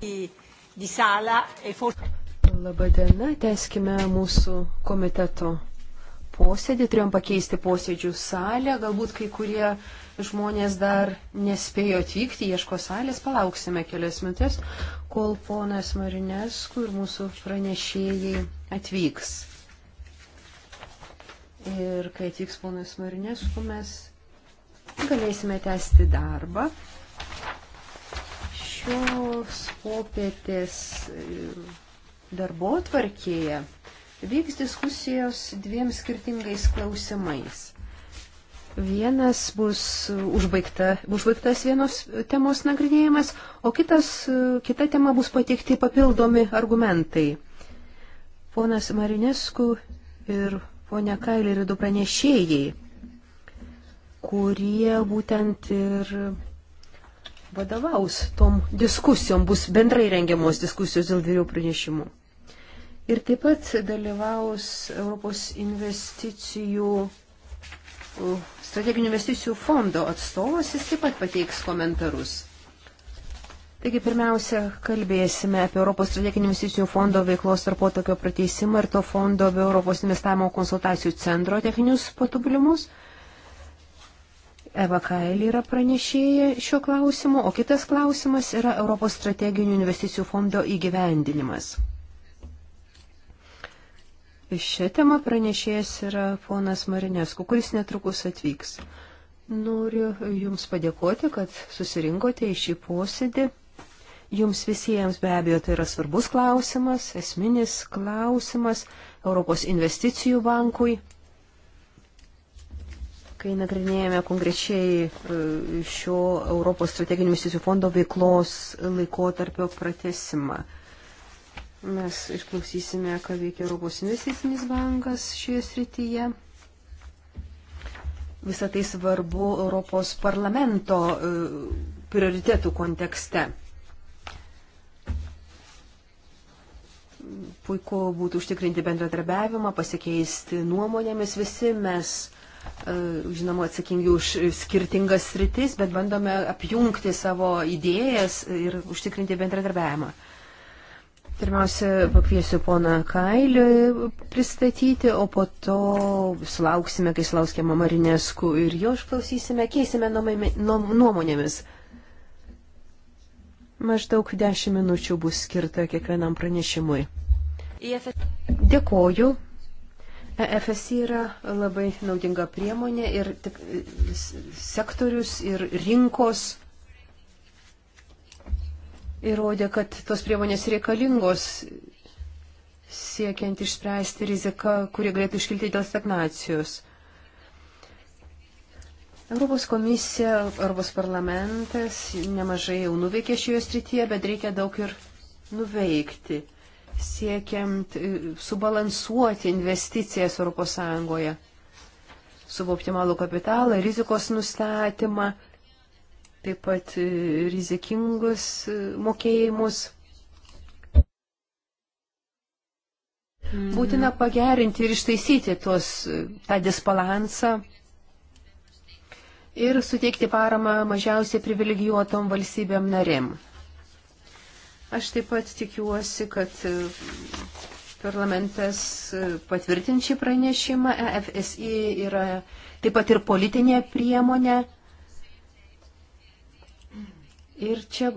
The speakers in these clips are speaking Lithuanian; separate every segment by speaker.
Speaker 1: E
Speaker 2: Labadiena, teskime mūsų komiteto posėdį, turėjom pakeisti posėdžių salę, galbūt kai kurie žmonės dar nespėjo atvykti, ieško salės, palauksime kelias minutės, kol ponas Marinesku ir mūsų pranešėjai atvyks. Ir kai atvyks ponas Marinesku, mes galėsime tęsti darbą šios popietės e, darbo tvarkėje vyks diskusijos dviem skirtingais klausimais. Vienas bus užbaigta, užbaigtas vienos temos nagrinėjimas, o kitas, e, kita tema bus pateikti papildomi argumentai. Ponas Marinesku ir ponia Kailė yra du pranešėjai, kurie būtent ir vadovaus tom diskusijom, bus bendrai rengiamos diskusijos dėl dviejų pranešimų. Ir taip pat dalyvaus Europos investicijų, uh, strateginių investicijų fondo atstovas, jis taip pat pateiks komentarus. Taigi pirmiausia, kalbėsime apie Europos strateginių investicijų fondo veiklos tarpotokio prateisimą ir to fondo bei Europos investavimo konsultacijų centro techninius patobulimus. Eva Kail yra pranešėja šio klausimu, o kitas klausimas yra Europos strateginių investicijų fondo įgyvendinimas. Šią temą pranešėjas yra ponas Marinesku, kuris netrukus atvyks. Noriu Jums padėkoti, kad susirinkote į šį posėdį. Jums visiems be abejo tai yra svarbus klausimas, esminis klausimas Europos investicijų bankui kai nagrinėjame konkrečiai e, šio Europos strateginių investicijų fondo veiklos laikotarpio pratesimą. Mes išklausysime, ką veikia Europos investicinis bankas šioje srityje. Visą tai svarbu Europos parlamento e, prioritetų kontekste. Puiku būtų užtikrinti bendradarbiavimą, pasikeisti nuomonėmis. Visi mes E, žinoma, atsakingi už skirtingas sritis, bet bandome apjungti savo idėjas ir užtikrinti bendradarbiavimą. Pirmiausia, pakviesiu poną Kailį pristatyti, o po to sulauksime, kai sulauksime Marineskų ir jo išklausysime, keisime nuomonėmis. Maždaug 10 minučių bus skirta kiekvienam pranešimui. Dėkoju. EFS yra labai naudinga priemonė ir tik, sektorius ir rinkos įrodė, kad tos priemonės reikalingos siekiant išspręsti riziką, kurie galėtų iškilti dėl stagnacijos. Europos komisija, Europos parlamentas nemažai jau nuveikė šioje srityje, bet reikia daug ir nuveikti siekiant e, subalansuoti investicijas ES, suboptimalų kapitalą, rizikos nustatymą, taip pat e, rizikingus e, mokėjimus. Mm. Būtina pagerinti ir ištaisyti tuos, tą disbalansą ir suteikti paramą mažiausiai privilegijuotom valstybėm narėm. Aš taip pat tikiuosi, kad e, parlamentas e, patvirtins šį pranešimą. EFSI yra taip pat ir politinė priemonė. Ir čia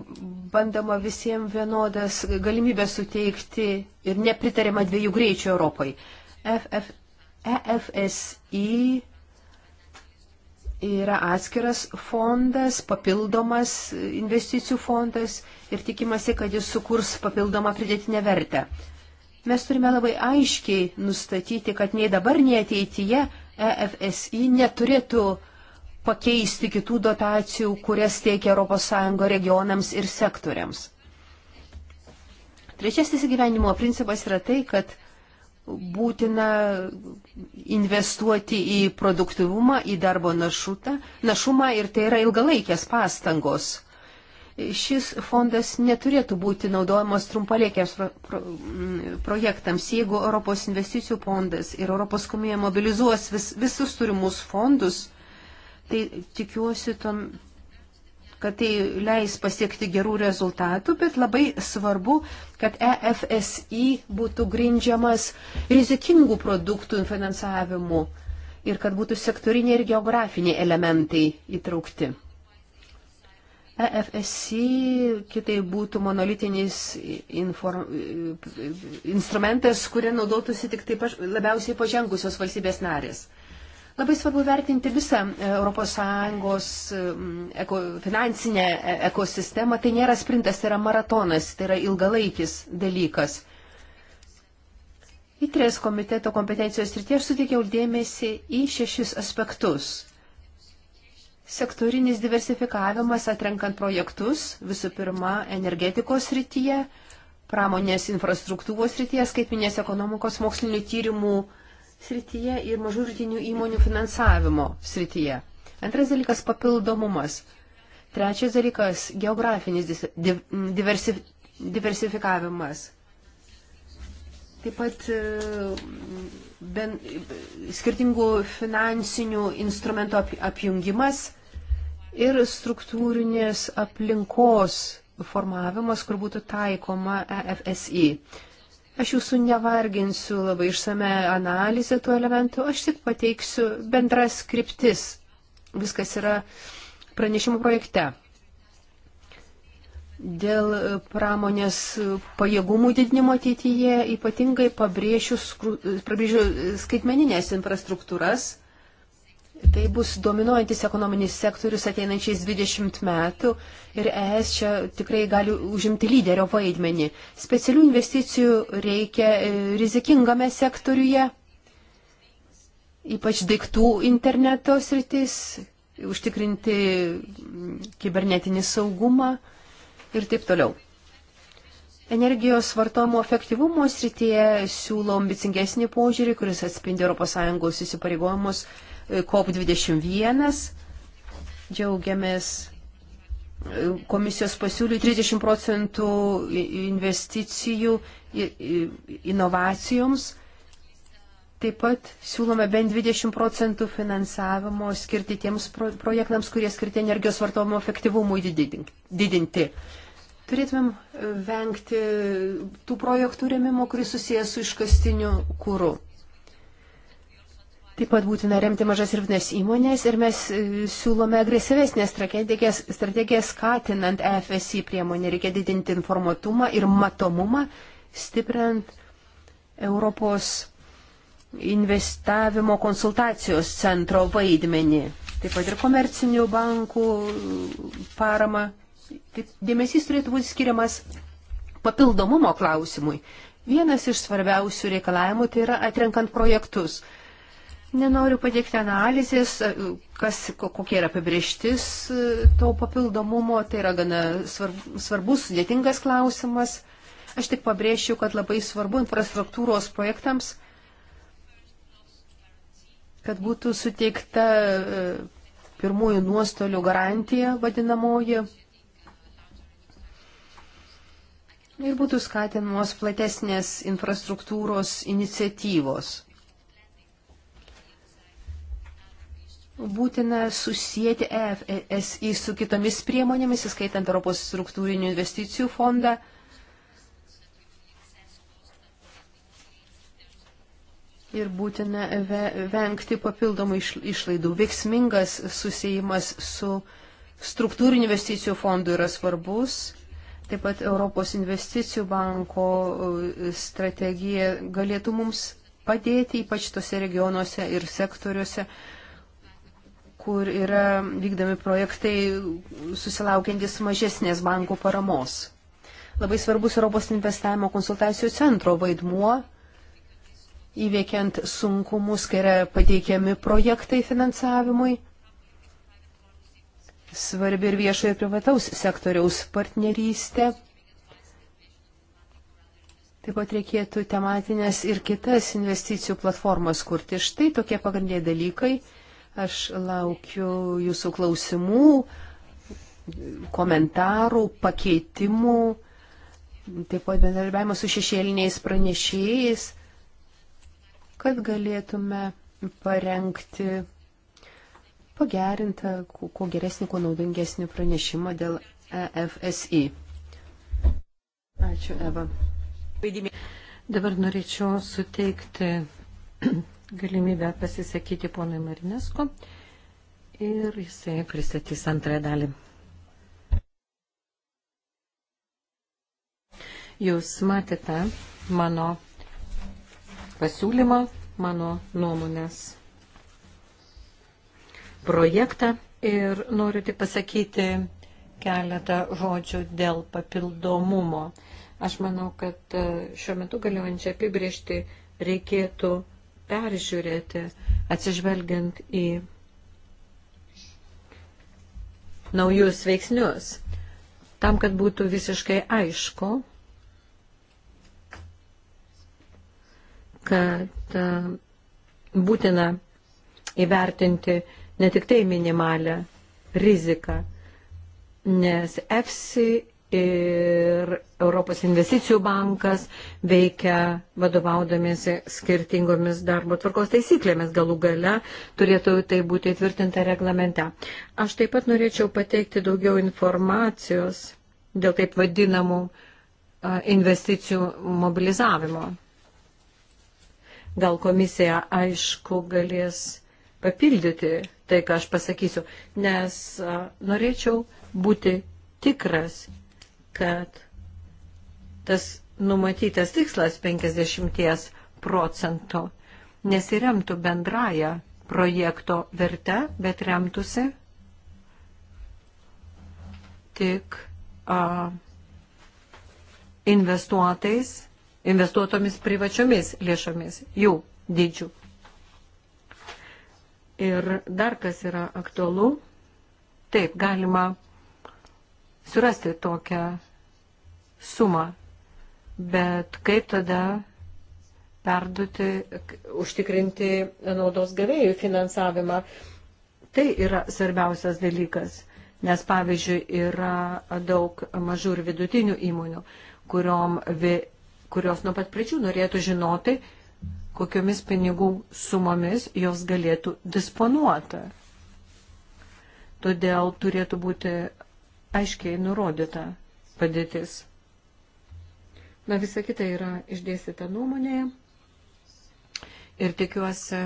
Speaker 2: bandoma visiems vienodas galimybę suteikti ir nepritarima dviejų greičių Europai. FF, EFSI yra atskiras fondas, papildomas investicijų fondas ir tikimasi, kad jis sukurs papildomą pridėtinę vertę. Mes turime labai aiškiai nustatyti, kad nei dabar, nei ateityje EFSI neturėtų pakeisti kitų dotacijų, kurias teikia ES regionams ir sektoriams. Trečiasis gyvenimo principas yra tai, kad būtina investuoti į produktivumą, į darbo našutą, našumą ir tai yra ilgalaikės pastangos. Šis fondas neturėtų būti naudojamas trumpaliekiams pro, pro, projektams. Jeigu Europos investicijų fondas ir Europos komisija mobilizuos vis, visus turimus fondus, tai tikiuosi, tom, kad tai leis pasiekti gerų rezultatų, bet labai svarbu, kad EFSI būtų grindžiamas rizikingų produktų finansavimu ir kad būtų sektoriniai ir geografiniai elementai įtraukti. EFSI kitai būtų monolitinis inform, instrumentas, kurį naudotųsi tik taip labiausiai pažengusios valstybės narės. Labai svarbu vertinti visą ES e, eko, finansinę e, ekosistemą. Tai nėra sprintas, tai yra maratonas, tai yra ilgalaikis dalykas. Įtrės komiteto kompetencijos rytie aš suteikiau dėmesį į šešis aspektus. Sektorinis diversifikavimas atrenkant projektus, visų pirma, energetikos rytyje, pramonės infrastruktūros rytyje, skaitminės ekonomikos mokslinių tyrimų srityje ir mažų rytinių įmonių finansavimo srityje. Antras dalykas - papildomumas. Trečias dalykas - geografinis diversi, diversifikavimas. Taip pat e, ben, skirtingų finansinių instrumentų ap, apjungimas ir struktūrinės aplinkos formavimas, kur būtų taikoma EFSI. Aš jūsų nevarginsiu labai išsame analizę tų elementų, aš tik pateiksiu bendras skriptis. Viskas yra pranešimų projekte. Dėl pramonės pajėgumų didinimo ateityje ypatingai pabrėžiu, pabrėžiu skaitmeninės infrastruktūras – Tai bus dominuojantis ekonominis sektorius ateinančiais 20 metų ir ES čia tikrai gali užimti lyderio vaidmenį. Specialių investicijų reikia e, rizikingame sektoriuje, ypač daiktų interneto sritis, užtikrinti kibernetinį saugumą ir taip toliau. Energijos vartojimo efektyvumo srityje siūlo ambicingesnį požiūrį, kuris atspindi ES įsipareigojimus COP21. Džiaugiamės e, komisijos pasiūlių 30 procentų investicijų inovacijoms. Taip pat siūlome bent 20 procentų finansavimo skirti tiems projektams, kurie skirti energijos vartojimo efektyvumui didinti. Turėtumėm e, vengti tų projektų remimo, kuris susijęs su iškastiniu kūru. Taip pat būtina remti mažas ir vidinės įmonės ir mes e, siūlome agresyvesnės strategijas, strategijas skatinant FSI priemonę. Reikia didinti informatumą ir matomumą, stiprint Europos investavimo konsultacijos centro vaidmenį. Taip pat ir komercinių bankų e, parama. Taip, dėmesys turėtų būti skiriamas papildomumo klausimui. Vienas iš svarbiausių reikalavimų tai yra atrenkant projektus Nenoriu padėkti analizės, kas, kokia yra apibrieštis e, to papildomumo, tai yra gana svarbus, sudėtingas klausimas. Aš tik pabrėšiu, kad labai svarbu infrastruktūros projektams, kad būtų suteikta e, pirmųjų nuostolių garantija vadinamoji ir būtų skatinamos platesnės infrastruktūros iniciatyvos. būtina susijęti EFSI su kitomis priemonėmis, įskaitant Europos struktūrinių investicijų fondą. Ir būtina ve vengti papildomų išlaidų. Veiksmingas susijimas su struktūrinių investicijų fondu yra svarbus. Taip pat Europos investicijų banko e, strategija galėtų mums padėti, ypač tose regionuose ir sektoriuose, kur yra vykdami projektai susilaukiantis mažesnės bankų paramos. Labai svarbus Europos investavimo konsultacijų centro vaidmuo įveikiant sunkumus, kai yra pateikiami projektai finansavimui. Svarbi ir viešojo ir privataus sektoriaus partnerystė. Taip pat reikėtų tematinės ir kitas investicijų platformas kurti. Štai tokie pagrindiniai dalykai Aš laukiu jūsų klausimų, komentarų, pakeitimų, taip pat bendarbiavimo su šešėliniais pranešėjais, kad galėtume parengti pagerintą, kuo geresnį, kuo naudingesnį pranešimą dėl EFSI. Ačiū, Eva. Dabar norėčiau
Speaker 1: suteikti galimybę pasisakyti ponui Marinesko ir jisai pristatys antrąją dalį. Jūs matėte mano pasiūlymą, mano nuomonės projektą ir noriu tik pasakyti keletą žodžių dėl papildomumo. Aš manau, kad e, šiuo metu galiojančią apibriežti reikėtų peržiūrėti, atsižvelgiant į naujus veiksnius, tam, kad būtų visiškai aišku, kad e, būtina įvertinti ne tik tai minimalę riziką, nes EFSI ir Europos investicijų bankas veikia vadovaudamėsi skirtingomis darbo tvarkos taisyklėmis. Galų gale turėtų tai būti įtvirtinta reglamente. Aš taip pat norėčiau pateikti daugiau informacijos dėl taip vadinamų investicijų mobilizavimo. Gal komisija aišku galės papildyti tai, ką aš pasakysiu, nes norėčiau būti tikras, kad tas numatytas tikslas 50 procentų nesiremtų bendraja projekto verte, bet remtųsi tik a, investuotais, investuotomis privačiomis lėšomis, jų dydžių. Ir dar kas yra aktualu, taip galima surasti tokią sumą, bet kaip tada perduoti, užtikrinti naudos gavėjų finansavimą. Tai yra svarbiausias dalykas, nes pavyzdžiui yra daug mažų ir vidutinių įmonių, kuriom, vi, kurios nuo pat pradžių norėtų žinoti, kokiomis pinigų sumomis jos galėtų disponuoti. Todėl turėtų būti aiškiai nurodyta padėtis. Na, visa kita yra išdėstyta nuomonėje ir tikiuosi,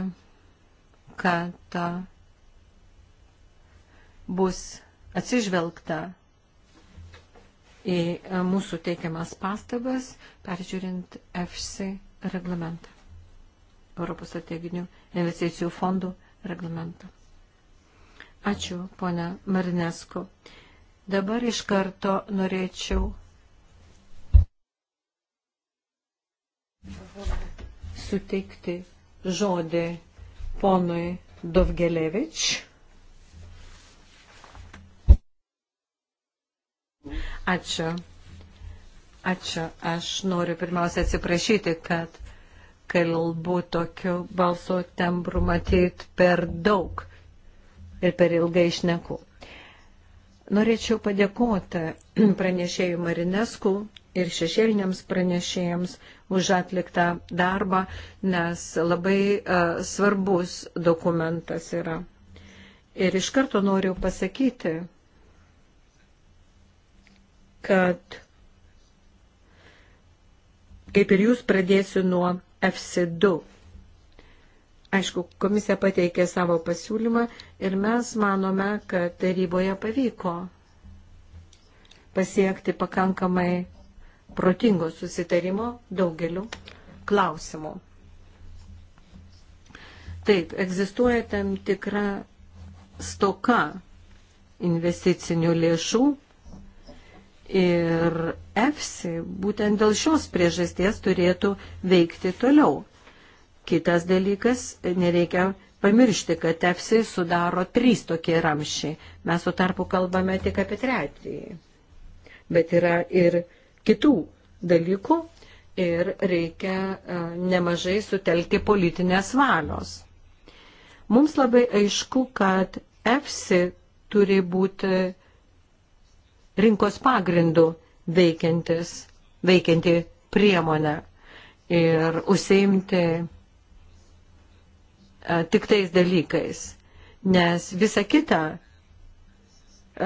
Speaker 1: kad bus atsižvelgta į mūsų teikiamas pastabas, peržiūrint EFSI reglamentą, Europos strateginių investicijų fondų reglamentą. Ačiū, ponia Marinesko. Dabar iš karto norėčiau suteikti žodį ponui Dovgelevič. Ačiū. Ačiū. Aš noriu pirmiausia atsiprašyti, kad kalbu tokiu balso tembru matyt per daug ir per ilgai išneku. Norėčiau padėkoti pranešėjų Marinesku ir šešėliniams pranešėjams už atliktą darbą, nes labai uh, svarbus dokumentas yra. Ir iš karto noriu pasakyti, kad kaip ir jūs pradėsiu nuo FC2 Aišku, komisija pateikė savo pasiūlymą ir mes manome, kad taryboje pavyko pasiekti pakankamai protingo susitarimo daugeliu klausimų. Taip, egzistuoja tam tikra stoka investicinių lėšų ir EFSI būtent dėl šios priežasties turėtų veikti toliau. Kitas dalykas, nereikia pamiršti, kad EFSI sudaro trys tokie ramšiai. Mes su tarpu kalbame tik apie trečiąjį. Bet yra ir kitų dalykų ir reikia e, nemažai sutelkti politinės valios. Mums labai aišku, kad EFSI turi būti rinkos pagrindų veikianti priemonė ir užsiimti E, tik tais dalykais, nes visa kita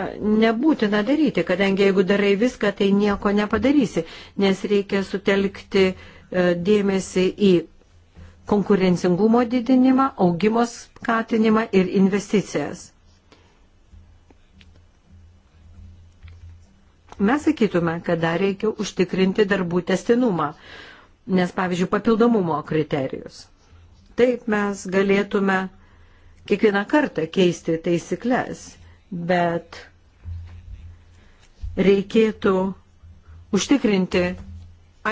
Speaker 1: e, nebūtina daryti, kadangi jeigu darai viską, tai nieko nepadarysi, nes reikia sutelkti e, dėmesį į konkurencingumo didinimą, augimo skatinimą ir investicijas. Mes sakytume, kad dar reikia užtikrinti darbų testinumą, nes pavyzdžiui, papildomumo kriterijus. Taip mes galėtume kiekvieną kartą keisti taisyklės, bet reikėtų užtikrinti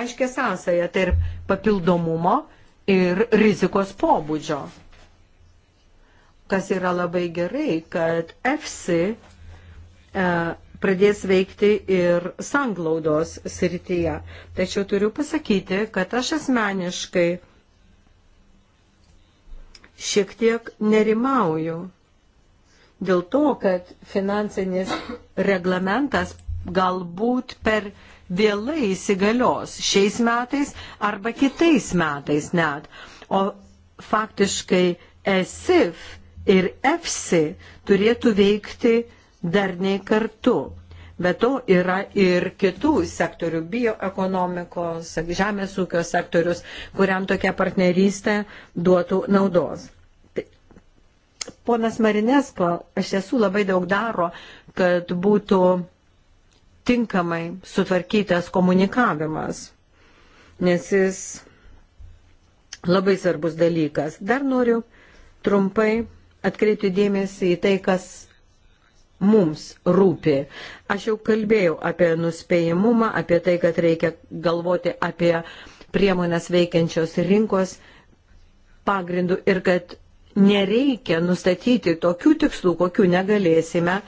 Speaker 1: aiškę sąsąją tarp papildomumo ir rizikos pobūdžio. Kas yra labai gerai, kad EFSI pradės veikti ir sanglaudos srityje. Tačiau turiu pasakyti, kad aš asmeniškai šiek tiek nerimauju dėl to, kad finansinis reglamentas galbūt per vėlai įsigalios šiais metais arba kitais metais net. O faktiškai ESIF ir EFSI turėtų veikti darniai kartu. Bet to yra ir kitų sektorių, bioekonomikos, žemės ūkio sektorius, kuriam tokia partnerystė duotų naudos. Tai, ponas Marinesko iš tiesų labai daug daro, kad būtų tinkamai sutvarkytas komunikavimas, nes jis labai svarbus dalykas. Dar noriu trumpai atkreipti dėmesį į tai, kas mums rūpi. Aš jau kalbėjau apie nuspėjimumą, apie tai, kad reikia galvoti apie priemonės veikiančios rinkos pagrindų ir kad nereikia nustatyti tokių tikslų, kokių negalėsime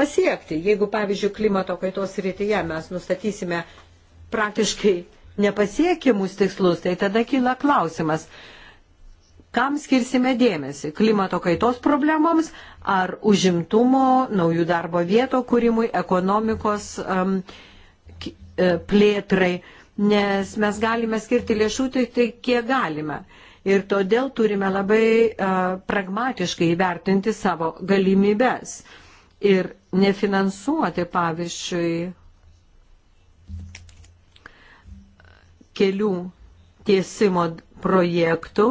Speaker 1: pasiekti. Jeigu, pavyzdžiui, klimato kaitos rytyje mes nustatysime praktiškai nepasiekimus tikslus, tai tada kyla klausimas, Kam skirsime dėmesį? Klimato kaitos problemoms ar užimtumo, naujų darbo vieto kūrimui, ekonomikos um, e, plėtrai, nes mes galime skirti lėšų tik tai, kiek galime. Ir todėl turime labai uh, pragmatiškai įvertinti savo galimybės ir nefinansuoti, pavyzdžiui, kelių tiesimo projektų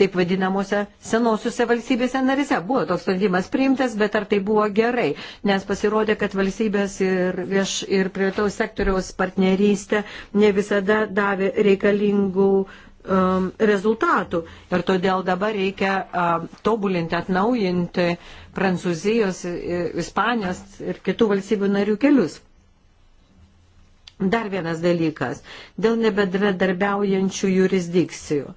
Speaker 1: taip vadinamuose senosiuose valstybėse narise. Buvo toks sprendimas priimtas, bet ar tai buvo gerai? Nes pasirodė, kad valstybės ir, vieš, ir privataus sektoriaus partnerystė ne visada davė reikalingų um, rezultatų. Ir todėl dabar reikia um, tobulinti, atnaujinti Prancūzijos, Ispanijos ir kitų valstybių narių kelius. Dar vienas dalykas - dėl nebedradarbiaujančių jurisdikcijų.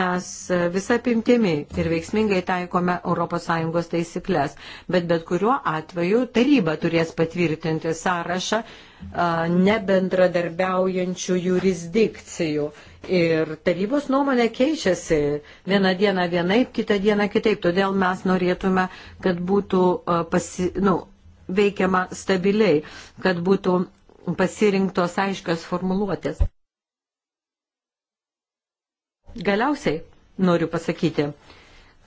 Speaker 1: Mes e, visą pimtimi ir veiksmingai taikome ES taisyklės, bet bet kuriuo atveju taryba turės patvirtinti sąrašą e, nebendradarbiaujančių jurisdikcijų. Ir tarybos nuomonė keičiasi vieną dieną vienaip, kitą dieną kitaip. Todėl mes norėtume, kad būtų e, pasi, nu, veikiama stabiliai, kad būtų pasirinktos aiškios formuluotės. Galiausiai noriu pasakyti,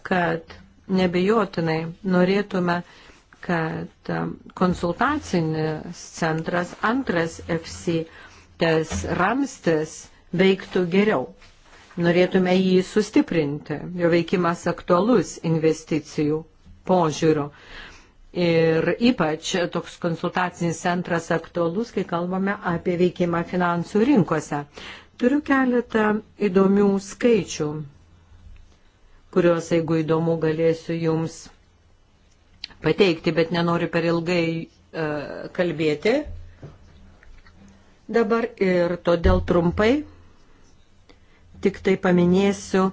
Speaker 1: kad nebejotinai norėtume, kad um, konsultacinis centras, antras FC, tas ramstis veiktų geriau. Norėtume jį sustiprinti, jo veikimas aktualus investicijų požiūriu. Ir ypač toks konsultacinis centras aktualus, kai kalbame apie veikimą finansų rinkose. Turiu keletą įdomių skaičių, kuriuos, jeigu įdomu, galėsiu jums pateikti, bet nenoriu per ilgai uh, kalbėti dabar ir todėl trumpai tik tai paminėsiu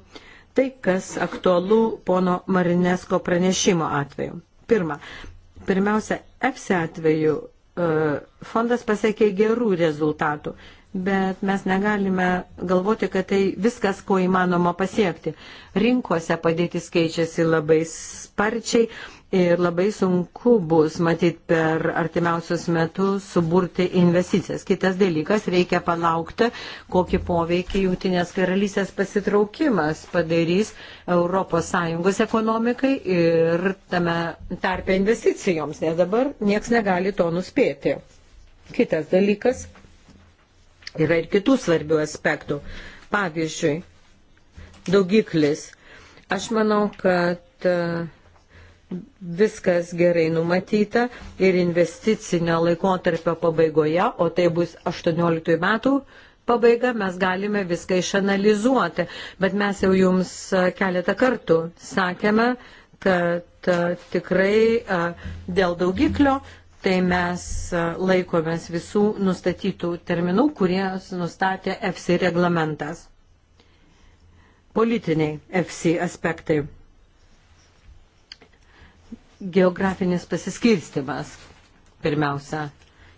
Speaker 1: tai, kas aktualu pono Marinesko pranešimo atveju. Pirma, pirmiausia, EFSI atveju e, fondas pasiekė gerų rezultatų, bet mes negalime galvoti, kad tai viskas, ko įmanoma pasiekti. Rinkose padėtis keičiasi labai sparčiai, ir labai sunku bus matyti per artimiausius metus suburti investicijas. Kitas dalykas, reikia palaukti, kokį poveikį Jungtinės karalystės pasitraukimas padarys ES ekonomikai ir tame tarpe investicijoms, nes dabar nieks negali to nuspėti. Kitas dalykas, yra ir kitų svarbių aspektų. Pavyzdžiui, daugiklis. Aš manau, kad viskas gerai numatyta ir investicinio laikotarpio pabaigoje, o tai bus 18 metų pabaiga, mes galime viską išanalizuoti. Bet mes jau jums keletą kartų sakėme, kad tikrai dėl daugiklio tai mes laikomės visų nustatytų terminų, kurie nustatė FC reglamentas. Politiniai FC aspektai geografinis pasiskirstimas pirmiausia.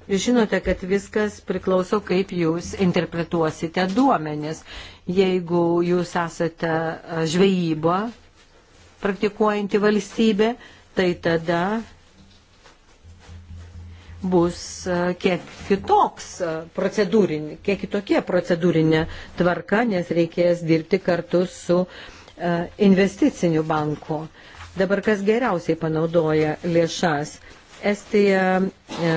Speaker 1: Jūs žinote, kad viskas priklauso, kaip jūs interpretuosite duomenis. Jeigu jūs esate e, žvejybą praktikuojanti valstybė, tai tada bus e, kiek kitoks e, procedūrinė, kiek kitokie procedūrinė tvarka, nes reikės dirbti kartu su investiciniu banku. Dabar kas geriausiai panaudoja lėšas? Estija, e,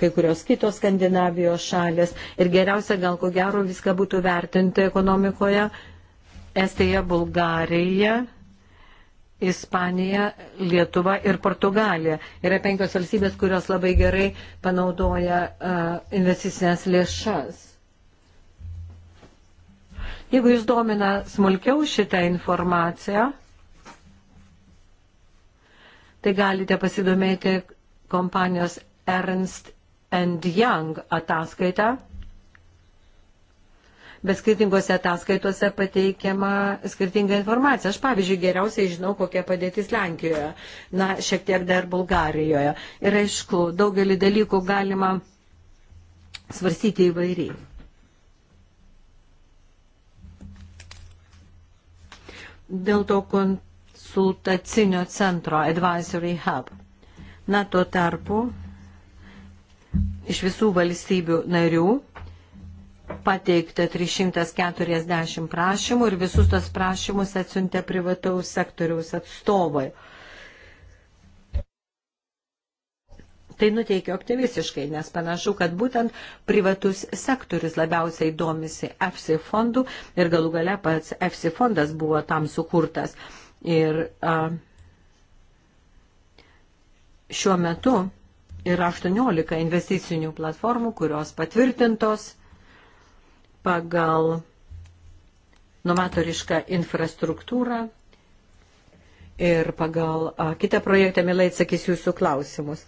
Speaker 1: kai kurios kitos Skandinavijos šalės ir geriausia gal ko gero viską būtų vertinti ekonomikoje. Estija, Bulgarija, Ispanija, Lietuva ir Portugalija. Yra penkios valstybės, kurios labai gerai panaudoja e, investicinės lėšas. Jeigu jūs domina smulkiau šitą informaciją, tai galite pasidomėti kompanijos Ernst Young ataskaitą bet skirtingose ataskaitose pateikiama skirtinga informacija. Aš, pavyzdžiui, geriausiai žinau, kokia padėtis Lenkijoje, na, šiek tiek dar Bulgarijoje. Ir aišku, daugelį dalykų galima svarstyti įvairiai. Dėl to kont konsultacinio centro Advisory Hub. Na, tuo tarpu iš visų valstybių narių pateikta 340 prašymų ir visus tos prašymus atsiuntė privataus sektoriaus atstovai. Tai nuteikia optimistiškai, nes panašu, kad būtent privatus sektorius labiausiai domisi EFSI fondų ir galų gale pats EFSI fondas buvo tam sukurtas. Ir a, šiuo metu yra 18 investicinių platformų, kurios patvirtintos pagal novatorišką infrastruktūrą ir pagal a, kitą projektą, mielai atsakys jūsų klausimus.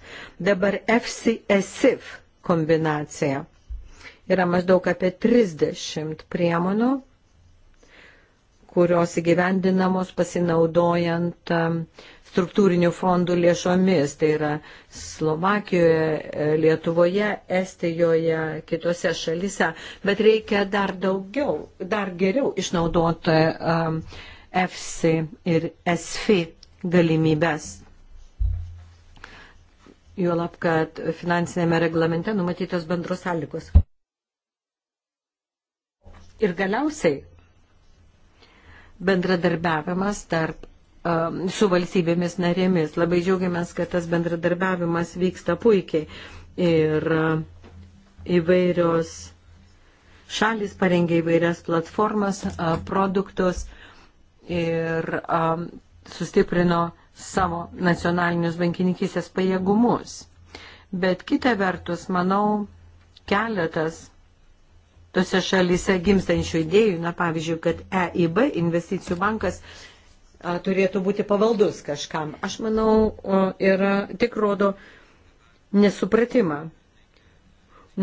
Speaker 1: Dabar FCSIF e kombinacija yra maždaug apie 30 priemonų kurios įgyvendinamos pasinaudojant um, struktūrinių fondų lėšomis. Tai yra Slovakijoje, e, Lietuvoje, Estijoje, kitose šalise. Bet reikia dar daugiau, dar geriau išnaudoti e, um, EFSI ir ESFI galimybės. Juolab, kad finansinėme reglamente numatytos bendros sąlygos. Ir galiausiai bendradarbiavimas tarp um, su valstybėmis narėmis. Labai džiaugiamės, kad tas bendradarbiavimas vyksta puikiai ir um, įvairios šalis parengė įvairias platformas, uh, produktus ir um, sustiprino savo nacionalinius bankininkysės pajėgumus. Bet kita vertus, manau, keletas tose šalyse gimstančių idėjų, na pavyzdžiui, kad EIB investicijų bankas a, turėtų būti pavaldus kažkam. Aš manau, o, yra tik rodo nesupratimą.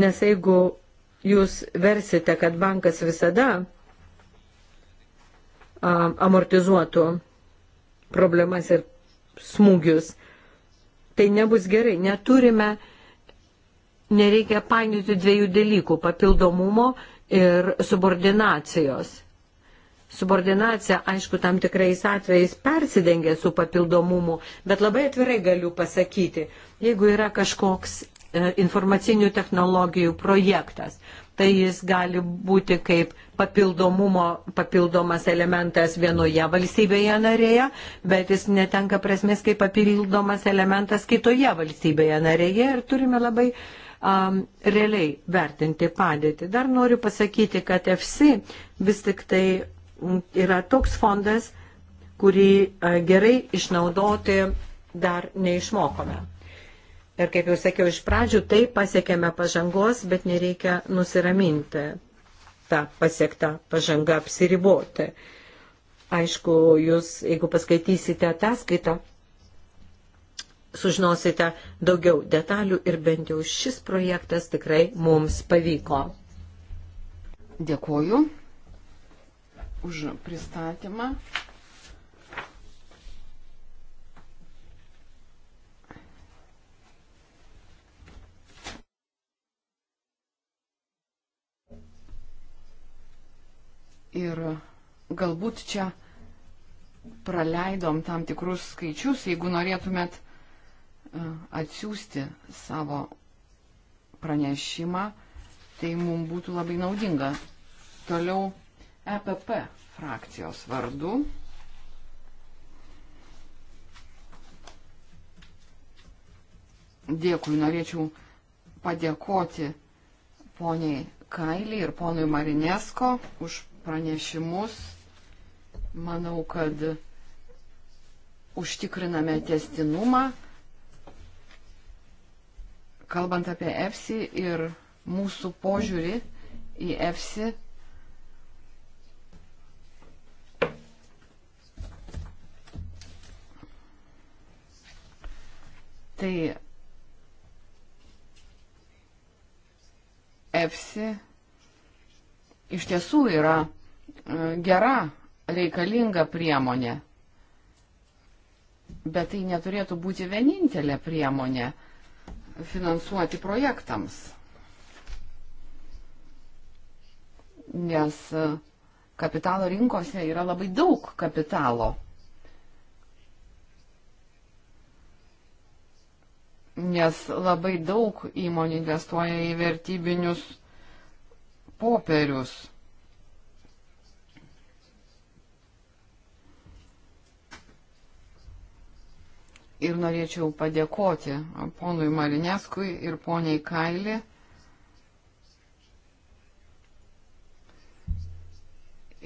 Speaker 1: Nes jeigu jūs versite, kad bankas visada a, amortizuotų problemas ir smūgius, tai nebus gerai. Neturime uh, nereikia painioti dviejų dalykų - papildomumo ir subordinacijos. Subordinacija, aišku, tam tikrais atvejais persidengia su papildomumu, bet labai atvirai galiu pasakyti, jeigu yra kažkoks e, informacinių technologijų projektas. Tai jis gali būti kaip papildomas elementas vienoje valstybėje narėje, bet jis netenka prasmės kaip papildomas elementas kitoje valstybėje narėje ir turime labai uh, um, realiai vertinti padėtį. Dar noriu pasakyti, kad FC vis tik tai yra toks fondas, kurį uh, gerai išnaudoti dar neišmokome. Ir kaip jau sakiau iš pradžių, tai pasiekėme pažangos, bet nereikia nusiraminti tą pasiektą pažangą apsiriboti. Aišku, jūs, jeigu paskaitysite ataskaitą, sužinosite daugiau detalių ir bent jau šis projektas tikrai mums pavyko.
Speaker 3: Dėkuoju už pristatymą. Ir galbūt čia praleidom tam tikrus skaičius, jeigu norėtumėt E, atsiųsti savo pranešimą, tai mums būtų labai naudinga. Toliau EPP frakcijos vardu. Dėkui, norėčiau padėkoti poniai Kailiai ir ponui Marinesko už pranešimus. Manau, kad užtikriname testinumą kalbant apie EFSI ir mūsų požiūrį į EFSI, tai EFSI iš tiesų yra e, gera, reikalinga priemonė, bet tai neturėtų būti vienintelė priemonė finansuoti projektams. Nes e, kapitalo rinkose yra labai daug kapitalo. Nes labai daug įmonių investuoja į vertybinius popierius. ir norėčiau padėkoti ponui Marineskui ir poniai Kailį.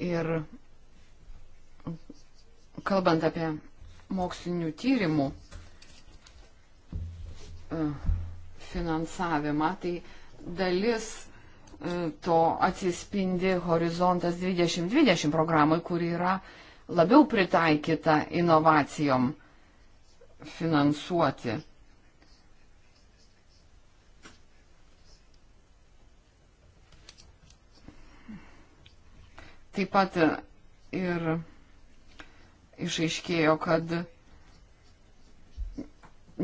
Speaker 3: Ir kalbant apie mokslinių tyrimų e, finansavimą, tai dalis e, to atsispindi Horizontas 2020 programai, kuri yra labiau pritaikyta inovacijom finansuoti. Taip pat ir išaiškėjo, kad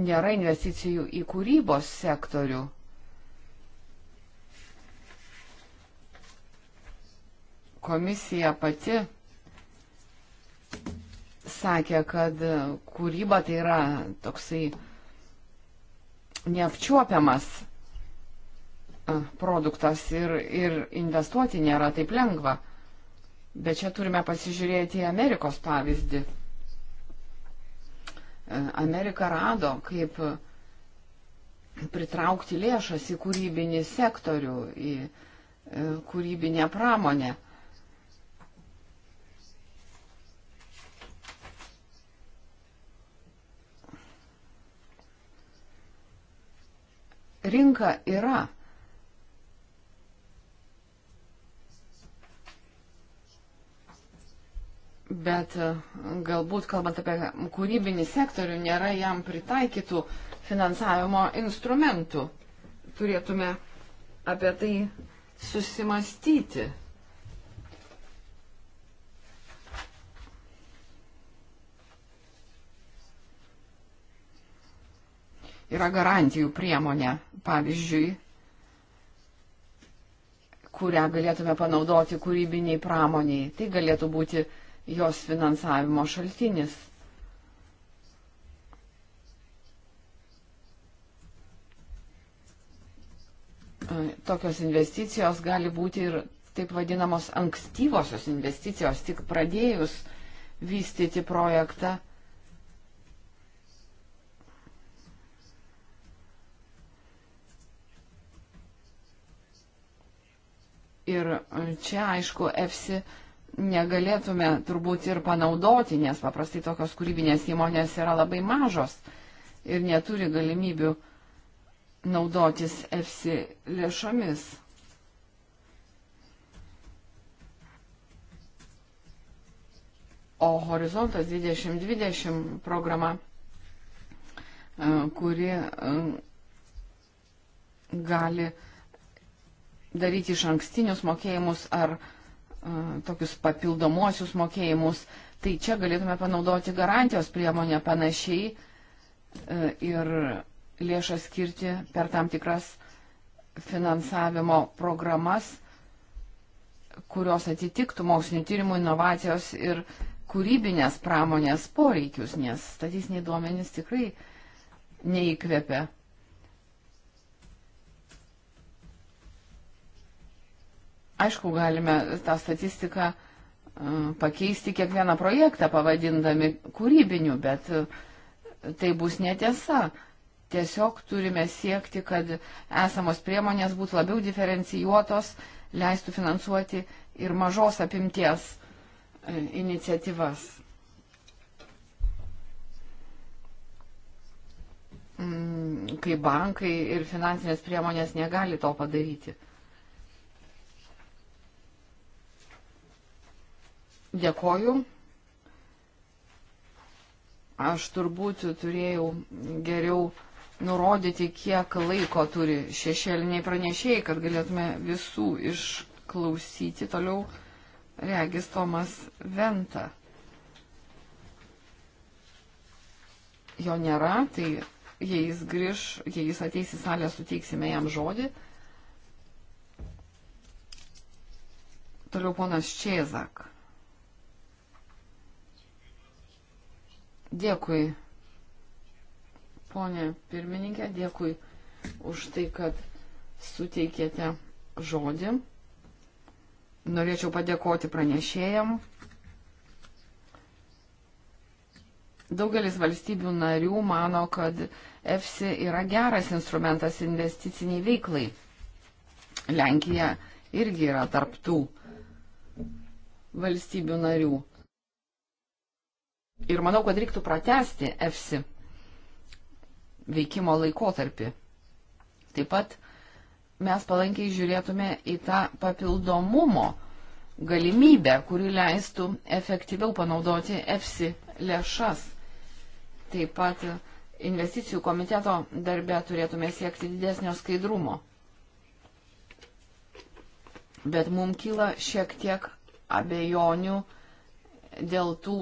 Speaker 3: nėra investicijų į kūrybos sektorių. Komisija pati sakė, kad kūryba tai yra toksai neapčiuopiamas produktas ir, ir investuoti nėra taip lengva. Bet čia turime pasižiūrėti į Amerikos pavyzdį. Amerika rado, kaip pritraukti lėšas į kūrybinį sektorių, į e, kūrybinę pramonę. rinka yra. Bet e, galbūt, kalbant apie kūrybinį sektorių, nėra jam pritaikytų finansavimo instrumentų. Turėtume apie tai susimastyti. yra garantijų priemonė, pavyzdžiui, kurią galėtume panaudoti kūrybiniai pramoniai. Tai galėtų būti jos finansavimo šaltinis. E, tokios investicijos gali būti ir taip vadinamos ankstyvosios investicijos, tik pradėjus vystyti projektą Ir čia, aišku, EFSI negalėtume turbūt ir panaudoti, nes paprastai tokios kūrybinės įmonės yra labai mažos ir neturi galimybių naudotis EFSI lėšomis. O Horizontas 2020 programa, e, kuri e, gali daryti iš ankstinius mokėjimus ar uh, tokius papildomuosius mokėjimus, tai čia galėtume panaudoti garantijos priemonę panašiai uh, ir lėšas skirti per tam tikras finansavimo programas, kurios atitiktų mokslinio tyrimų, inovacijos ir kūrybinės pramonės poreikius, nes statistiniai duomenys tikrai neįkvepia Aišku, galime tą statistiką e, pakeisti kiekvieną projektą pavadindami kūrybiniu, bet e, tai bus netiesa. Tiesiog turime siekti, kad esamos priemonės būtų labiau diferencijuotos, leistų finansuoti ir mažos apimties e, iniciatyvas. Mm, kai bankai ir finansinės priemonės negali to padaryti. Dėkoju. Aš turbūt turėjau geriau nurodyti, kiek laiko turi šešėliniai pranešėjai, kad galėtume visų išklausyti. Toliau regis Tomas Venta. Jo nėra, tai jei jis grįž, jei jis ateis į salę, suteiksime jam žodį. Toliau ponas Čezak. Dėkui, ponė pirmininkė, dėkui už tai, kad suteikėte žodį. Norėčiau padėkoti pranešėjam. Daugelis valstybių narių mano, kad EFSI yra geras instrumentas investiciniai veiklai. Lenkija irgi yra tarptų valstybių narių. Ir manau, kad reiktų pratesti EFSI veikimo laikotarpį. Taip pat mes palankiai žiūrėtume į tą papildomumo galimybę, kuri leistų efektyviau panaudoti EFSI lėšas. Taip pat investicijų komiteto darbė turėtume siekti didesnio skaidrumo. Bet mums kyla šiek tiek abejonių dėl tų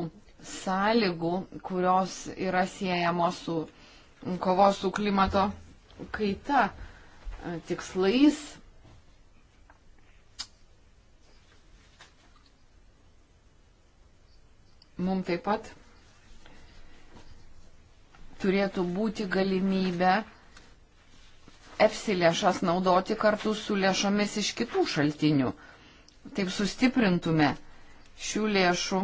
Speaker 3: sąlygų, kurios yra siejamos su kovos su klimato kaita e, tikslais. Mums taip pat turėtų būti galimybė EFSI lėšas naudoti kartu su lėšomis iš kitų šaltinių. Taip sustiprintume šių lėšų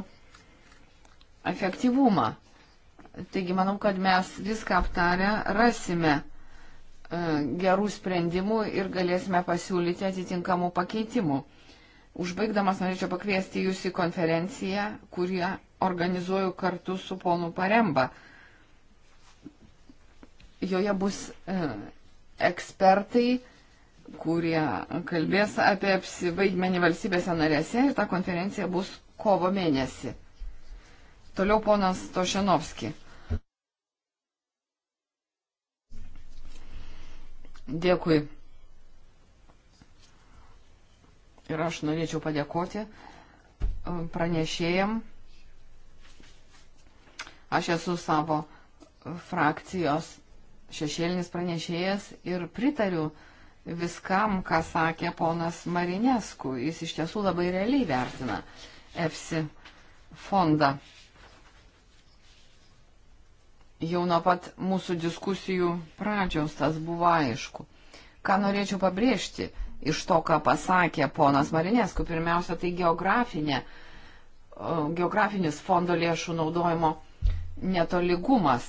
Speaker 3: efektyvumą. Taigi manau, kad mes viską aptarę rasime e, gerų sprendimų ir galėsime pasiūlyti atitinkamų pakeitimų. Užbaigdamas norėčiau pakviesti jūs į konferenciją, kurią organizuoju kartu su ponu Paremba. Joje bus e, ekspertai, kurie kalbės apie vaidmenį valstybėse narėse ir ta konferencija bus kovo mėnesį. Toliau ponas Tošenovski. Dėkui. Ir aš norėčiau padėkoti um, pranešėjam. Aš esu savo frakcijos šešėlinis pranešėjas ir pritariu viskam, ką sakė ponas Marinesku. Jis iš tiesų labai realiai vertina EFSI fondą jau nuo pat mūsų diskusijų pradžios tas buvo aišku. Ką norėčiau pabrėžti iš to, ką pasakė ponas Marinėsku, pirmiausia, tai geografinė, geografinis fondo lėšų naudojimo netoligumas.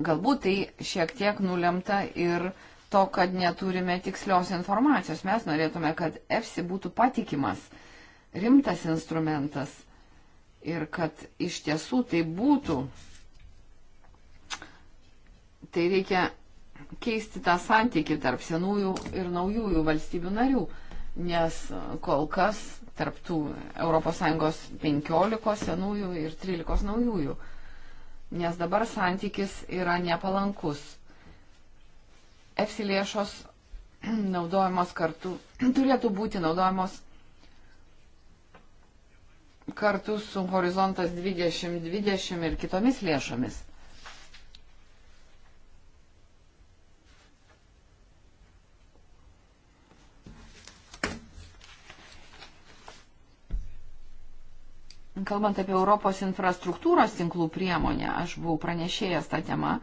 Speaker 3: Galbūt tai šiek tiek nulemta ir to, kad neturime tikslios informacijos. Mes norėtume, kad EFSI būtų patikimas, rimtas instrumentas – ir kad iš tiesų tai būtų, tai reikia keisti tą santykį tarp senųjų ir naujųjų valstybių narių, nes kol kas tarptų ES 15 senųjų ir 13 naujųjų, nes dabar santykis yra nepalankus. EFSI lėšos naudojamos kartu turėtų būti naudojamos kartu su Horizontas 2020 ir kitomis lėšomis. Kalbant apie Europos infrastruktūros tinklų priemonę, aš buvau pranešėjęs tą temą,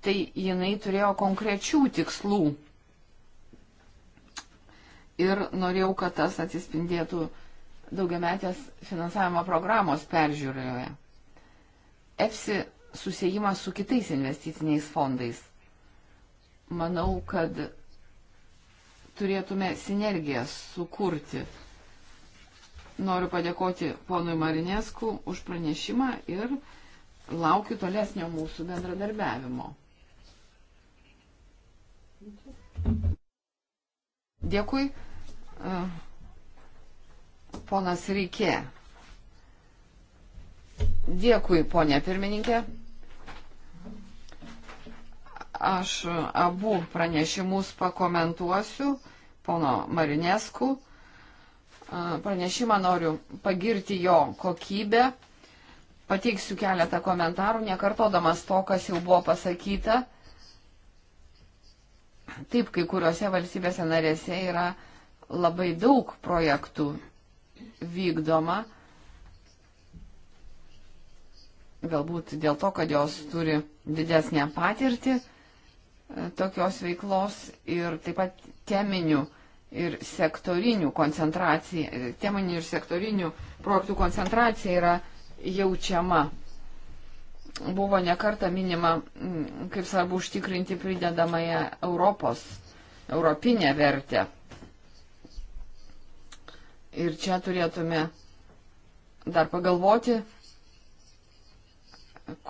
Speaker 3: tai jinai turėjo konkrečių tikslų. Ir norėjau, kad tas atsispindėtų uh, daugiametės finansavimo programos peržiūroje. EFSI susijimas su kitais investiciniais fondais. Manau, kad turėtume sinergijas sukurti. Noriu padėkoti ponui Marinesku už pranešimą ir laukiu tolesnio mūsų bendradarbiavimo. Dėkui. Ponas Rykė. Dėkui, ponė pirmininkė. Aš abu pranešimus pakomentuosiu, pono Marinesku. Pranešimą noriu pagirti jo kokybę. Pateiksiu keletą komentarų, nekartodamas to, kas jau buvo pasakyta. Taip, kai kuriuose valstybėse narėse yra labai daug projektų vykdoma. Galbūt dėl to, kad jos turi didesnę patirtį e, tokios veiklos ir taip pat teminių ir sektorinių koncentracija, teminių e, ir sektorinių projektų koncentracija yra jaučiama. Buvo nekarta minima, kaip svarbu užtikrinti pridedamąją Europos, europinę vertę Ir čia turėtume dar pagalvoti,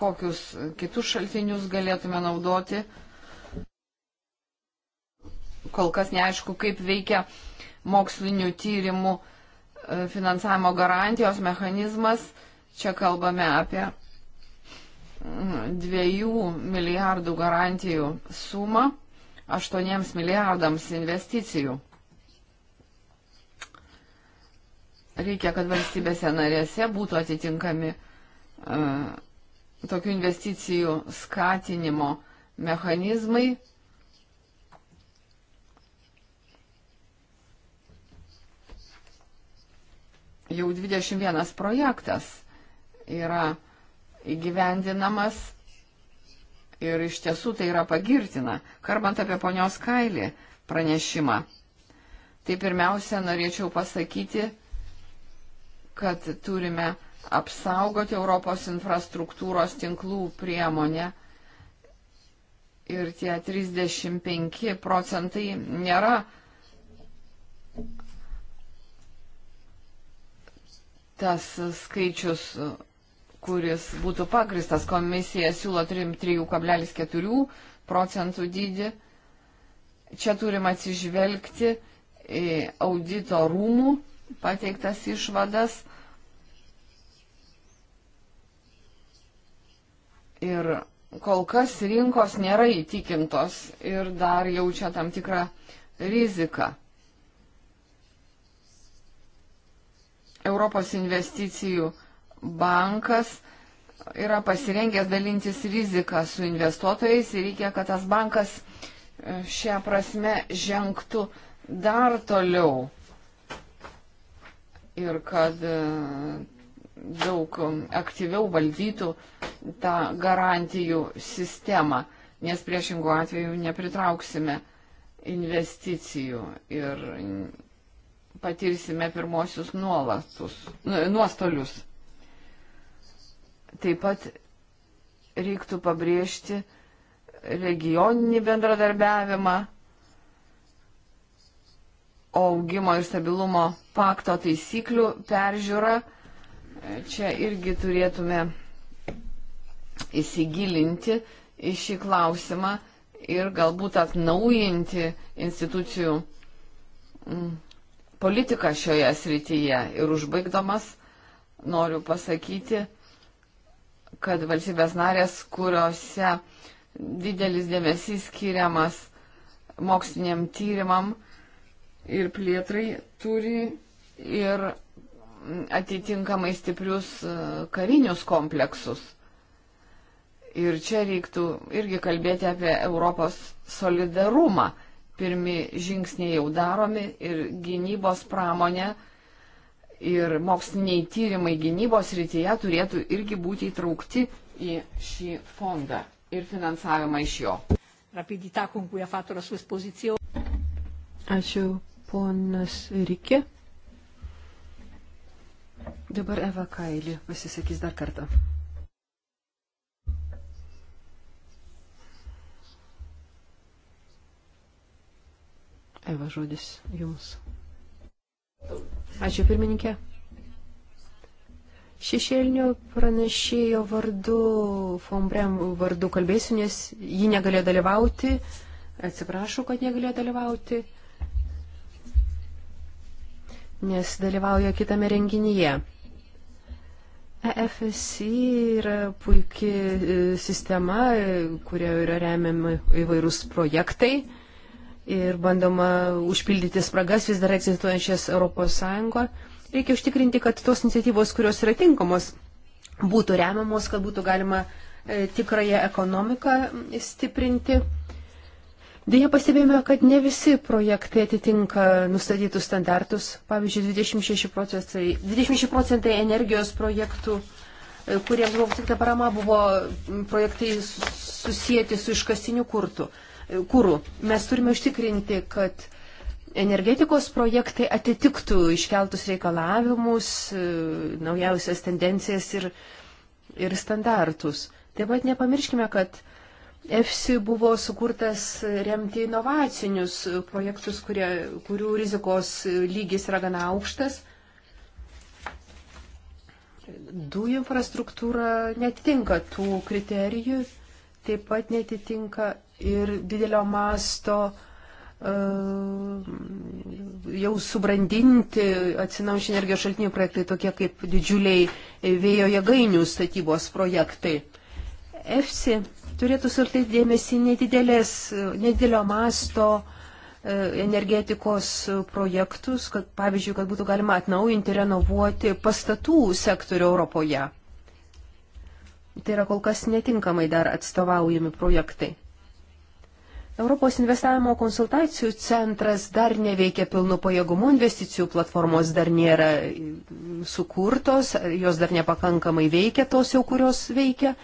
Speaker 3: kokius kitus šaltinius galėtume naudoti. Kol kas neaišku, kaip veikia mokslinių tyrimų e, finansavimo garantijos mechanizmas. Čia kalbame apie mm, dviejų milijardų garantijų sumą aštuoniems milijardams investicijų. reikia, kad valstybėse narėse būtų atitinkami uh, tokių investicijų skatinimo mechanizmai. Jau 21 projektas yra įgyvendinamas ir iš tiesų tai yra pagirtina. Karbant apie ponios Kailį pranešimą, tai pirmiausia norėčiau pasakyti, kad turime apsaugoti Europos infrastruktūros tinklų priemonę. Ir tie 35 procentai nėra tas skaičius, kuris būtų pagristas. Komisija siūlo 3,4 procentų dydį. Čia turim atsižvelgti į audito rūmų pateiktas išvadas. Ir kol kas rinkos nėra įtikintos ir dar jaučia tam tikrą riziką. Europos investicijų bankas yra pasirengęs dalintis riziką su investuotojais ir reikia, kad tas bankas e, šią prasme žengtų dar toliau ir kad e, daug aktyviau valdytų tą garantijų sistemą, nes priešingų atveju nepritrauksime investicijų ir patirsime pirmosius nuolatus, nu, nuostolius. Taip pat reiktų pabrėžti regioninį bendradarbiavimą augimo ir stabilumo pakto taisyklių peržiūra. Čia irgi turėtume įsigilinti į šį klausimą ir galbūt atnaujinti institucijų mm, politiką šioje srityje. Ir užbaigdamas noriu pasakyti, kad valstybės narės, kuriuose didelis dėmesys skiriamas moksliniam tyrimam, ir plėtrai turi ir atitinkamai stiprius e, karinius kompleksus. Ir čia reiktų irgi kalbėti apie Europos solidarumą. Pirmi žingsniai jau daromi ir gynybos pramonė ir moksliniai tyrimai gynybos rytyje turėtų irgi būti įtraukti į šį fondą ir finansavimą iš jo. Ačiū
Speaker 2: ponas Rikė. Dabar Eva Kailį pasisakys dar kartą. Eva žodis jums. Ačiū pirmininkė. Šešėlinio pranešėjo vardu, Fombrem vardu kalbėsiu, nes ji negalėjo dalyvauti. Atsiprašau, kad negalėjo dalyvauti nes dalyvauja kitame renginyje. EFSI yra puikia e, sistema, kuria yra remiami įvairūs projektai ir bandoma užpildyti spragas vis dar egzistuojančias ES. Reikia užtikrinti, kad tos iniciatyvos, kurios yra tinkamos, būtų remiamos, kad būtų galima e, tikrąją ekonomiką stiprinti Deja pastebėjome, kad ne visi projektai atitinka nustatytus standartus. Pavyzdžiui, 26 procentai, 26 procentai energijos projektų, e, kuriems buvo sutikta parama, buvo projektai susijęti su iškastiniu kurtu, e, kūru. Mes turime užtikrinti, kad energetikos projektai atitiktų iškeltus reikalavimus, e, naujausias tendencijas ir, ir standartus. Taip pat nepamirškime, kad EFSI buvo sukurtas remti inovacinius projektus, kurie, kurių rizikos lygis yra gana aukštas.
Speaker 3: Dujų
Speaker 2: infrastruktūra netitinka tų kriterijų, taip pat netitinka ir didelio masto e, jau subrandinti atsinaujančių energijos šaltinių projektai, tokie kaip didžiuliai vėjo jėgainių statybos projektai. EFSI turėtų sultyti dėmesį nedidelės, nedidelio masto e, energetikos projektus, kad pavyzdžiui, kad būtų galima atnaujinti, renovuoti pastatų sektorių Europoje. Tai yra kol kas netinkamai dar atstovaujami projektai. Europos investavimo konsultacijų centras dar neveikia pilnu pajėgumu, investicijų platformos dar nėra e, sukurtos, jos dar nepakankamai veikia tos jau, kurios veikia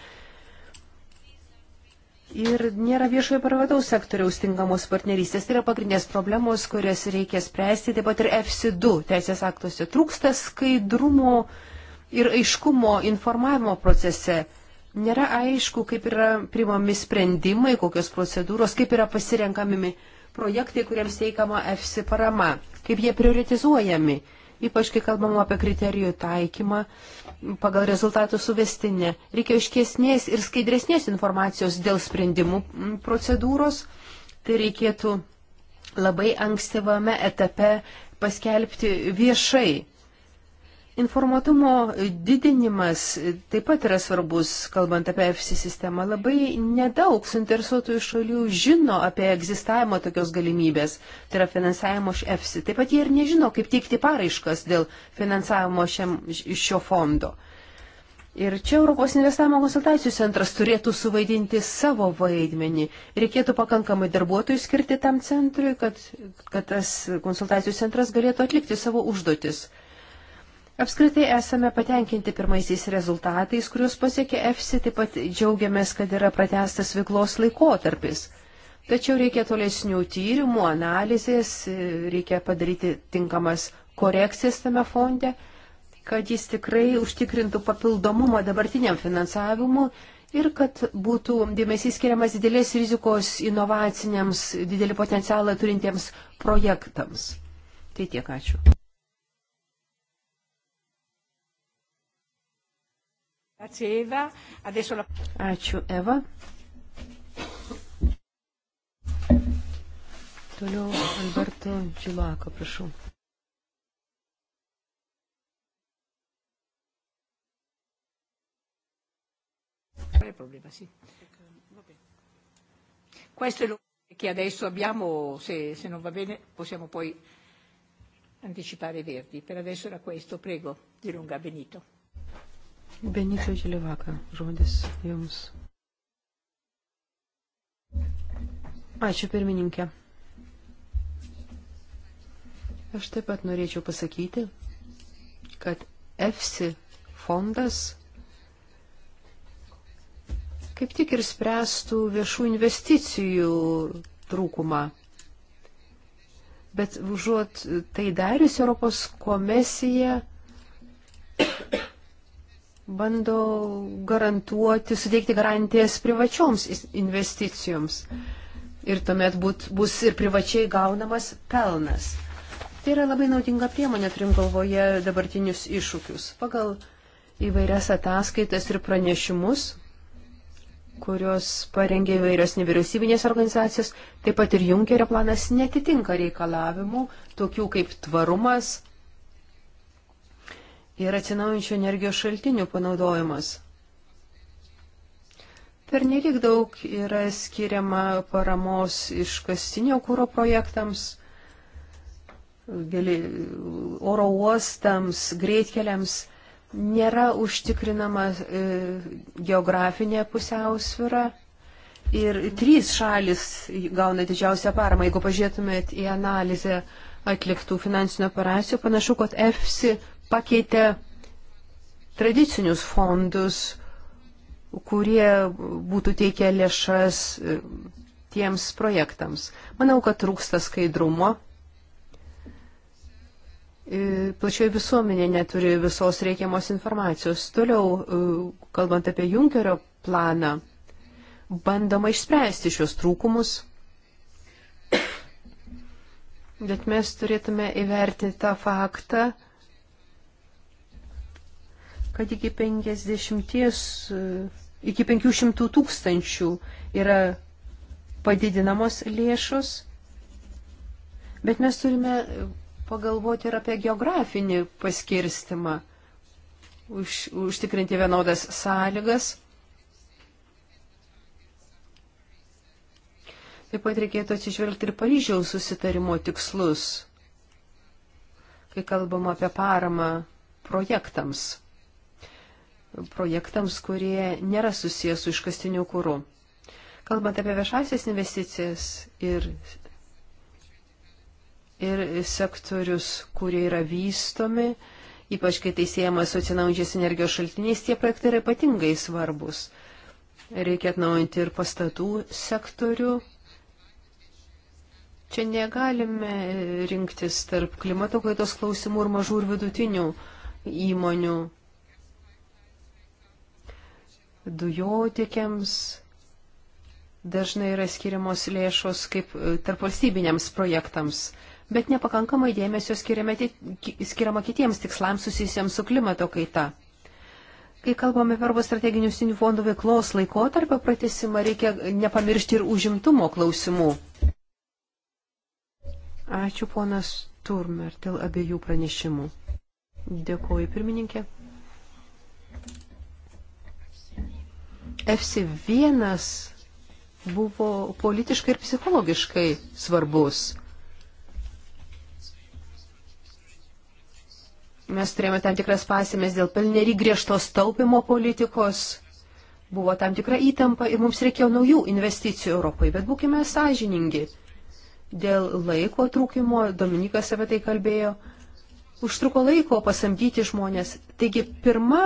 Speaker 2: ir nėra viešojo privataus sektoriaus tinkamos partnerystės. Tai yra pagrindinės problemos, kurias reikia spręsti. Taip pat ir FC2 teisės aktuose trūksta skaidrumo ir aiškumo informavimo procese. Nėra aišku, kaip yra primami sprendimai, kokios procedūros, kaip yra pasirenkami projektai, kuriems teikama FC parama, kaip jie prioritizuojami ypač kai kalbam apie kriterijų taikymą pagal rezultatų suvestinę. Reikia iškesnės ir skaidresnės informacijos dėl sprendimų procedūros. Tai reikėtų labai ankstyvame etape paskelbti viešai. Informatumo didinimas taip pat yra svarbus, kalbant apie EFSI sistemą. Labai nedaug suinteresuotųjų šalių žino apie egzistavimą tokios galimybės, tai yra finansavimo iš EFSI. Taip pat jie ir nežino, kaip teikti paraiškas dėl finansavimo šiam, šio fondo. Ir čia Europos investavimo konsultacijų centras turėtų suvaidinti savo vaidmenį. Reikėtų pakankamai darbuotojų skirti tam centrui, kad, kad tas konsultacijų centras galėtų atlikti savo užduotis. Apskritai esame patenkinti pirmaisiais rezultatais, kuriuos pasiekė EFSI, taip pat džiaugiamės, kad yra pratestas veiklos laikotarpis. Tačiau reikia tolesnių tyrimų, analizės, reikia padaryti tinkamas korekcijas tame fonde, kad jis tikrai užtikrintų papildomumą dabartiniam finansavimu ir kad būtų dėmesys skiriamas didelės rizikos inovaciniams, didelį potencialą turintiems projektams. Tai tiek ačiū.
Speaker 1: Ačiū,
Speaker 2: Eva. Toliau Alberto Džilako, prašau.
Speaker 3: Qual è il problema? Sì.
Speaker 1: Questo è lo che adesso abbiamo, se, se non va bene possiamo poi anticipare i verdi. Per adesso era questo, prego, Dilunga Benito.
Speaker 2: Benito Žilivaka, žodis jums. Ačiū pirmininkė. Aš taip pat norėčiau pasakyti, kad EFSI fondas kaip tik ir spręstų viešų investicijų trūkumą. Bet užuot tai darius Europos komisija bando garantuoti, suteikti garantijas privačioms investicijoms. Ir tuomet būt, bus ir privačiai gaunamas pelnas. Tai yra labai naudinga priemonė, turim galvoje dabartinius iššūkius. Pagal įvairias ataskaitas ir pranešimus, kurios parengė įvairios nevyriausybinės organizacijos, taip pat ir Junkerio planas netitinka reikalavimų, tokių kaip tvarumas, ir atsinaujančių energijos šaltinių panaudojimas. Per nelik daug yra skiriama paramos iškastinio kūro projektams, oro uostams, greitkeliams. Nėra užtikrinama e, geografinė pusiausvyra. Ir trys šalis gauna didžiausią paramą. Jeigu pažiūrėtumėt į analizę atliktų finansinių operacijų, panašu, kad EFSI pakeitė tradicinius fondus, kurie būtų teikę lėšas e, tiems projektams. Manau, kad trūksta skaidrumo. E, plačioji visuomenė neturi visos reikiamos informacijos. Toliau, e, kalbant apie Junkerio planą, bandoma išspręsti šios trūkumus. Bet mes turėtume įvertinti tą faktą, kad iki 50, iki 500 tūkstančių yra padidinamos lėšos, bet mes turime pagalvoti ir apie geografinį paskirstimą, už, užtikrinti vienodas sąlygas. Taip pat reikėtų atsižvelgti ir Paryžiaus susitarimo tikslus, kai kalbam apie paramą projektams projektams, kurie nėra susijęs su iškastiniu kūru. Kalbant apie viešasias investicijas ir, ir sektorius, kurie yra vystomi, ypač kai tai siejama su atsinaujančiais energijos šaltiniais, tie projektai yra ypatingai svarbus. Reikia atnaujinti ir pastatų sektorių. Čia negalime rinktis tarp klimato kaitos klausimų ir mažų ir vidutinių įmonių dujotikiams dažnai yra skiriamos lėšos kaip e, tarpvalstybiniams projektams, bet nepakankamai dėmesio skiriama kitiems tikslams susijusiems su klimato kaita. Kai kalbame per strateginių sinių fondų veiklos laikotarpio pratesimą, reikia nepamiršti ir užimtumo klausimų. Ačiū ponas Turmer dėl abiejų pranešimų. Dėkuoju pirmininkė. FC1 buvo politiškai ir psichologiškai svarbus. Mes turėjome tam tikras pasėmės dėl pelnerį griežtos taupimo politikos, buvo tam tikra įtampa ir mums reikėjo naujų investicijų Europai, bet būkime sąžiningi. Dėl laiko trūkimo, Dominikas apie tai kalbėjo, užtruko laiko pasamdyti žmonės. Taigi pirma,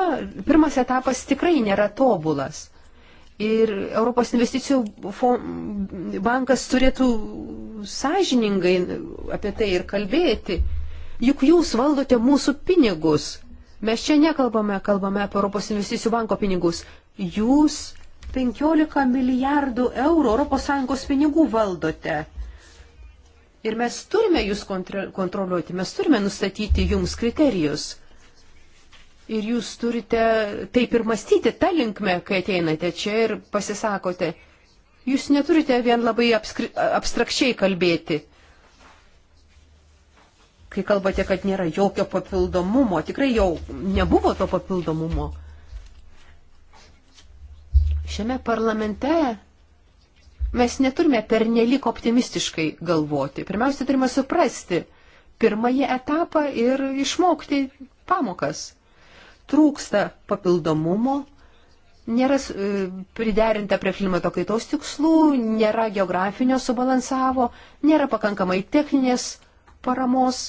Speaker 2: pirmas etapas tikrai nėra tobulas. Ir Europos investicijų bankas turėtų sąžiningai apie tai ir kalbėti. Juk jūs valdote mūsų pinigus. Mes čia nekalbame, kalbame apie Europos investicijų banko pinigus. Jūs 15 milijardų eurų ES pinigų valdote. Ir mes turime jūs kontroliuoti, mes turime nustatyti jums kriterijus ir jūs turite taip ir mąstyti tą linkmę, kai ateinate čia ir pasisakote. Jūs neturite vien labai apskri, abstrakčiai kalbėti. Kai kalbate, kad nėra jokio papildomumo, tikrai jau nebuvo to papildomumo. Šiame parlamente mes neturime pernelik optimistiškai galvoti. Pirmiausia, turime suprasti pirmąjį etapą ir išmokti pamokas trūksta papildomumo, nėra e, priderinta prie klimato kaitos tikslų, nėra geografinio subalansavo, nėra pakankamai techninės paramos.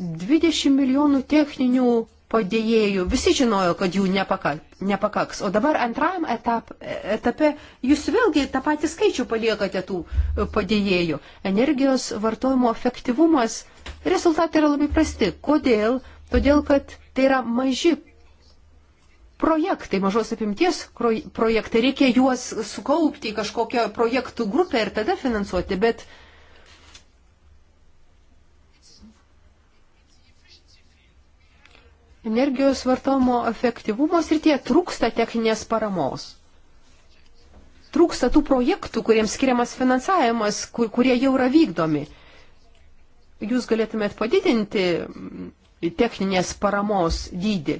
Speaker 2: 20 milijonų techninių padėjėjų, visi žinojo, kad jų nepakaks. O dabar antrajam etap, e, etape jūs vėlgi tą patį skaičių paliekate tų e, padėjėjų. Energijos vartojimo efektyvumas, rezultatai yra labai prasti. Kodėl? Todėl, kad Tai yra maži projektai, mažos apimties projektai. Reikia juos sukaupti į kažkokią projektų grupę ir tada finansuoti, bet energijos vartojimo efektyvumos ir tie trūksta techninės paramos. Trūksta tų projektų, kuriems skiriamas finansavimas, kur, kurie jau yra vykdomi. Jūs galėtumėt padidinti techninės paramos dydį,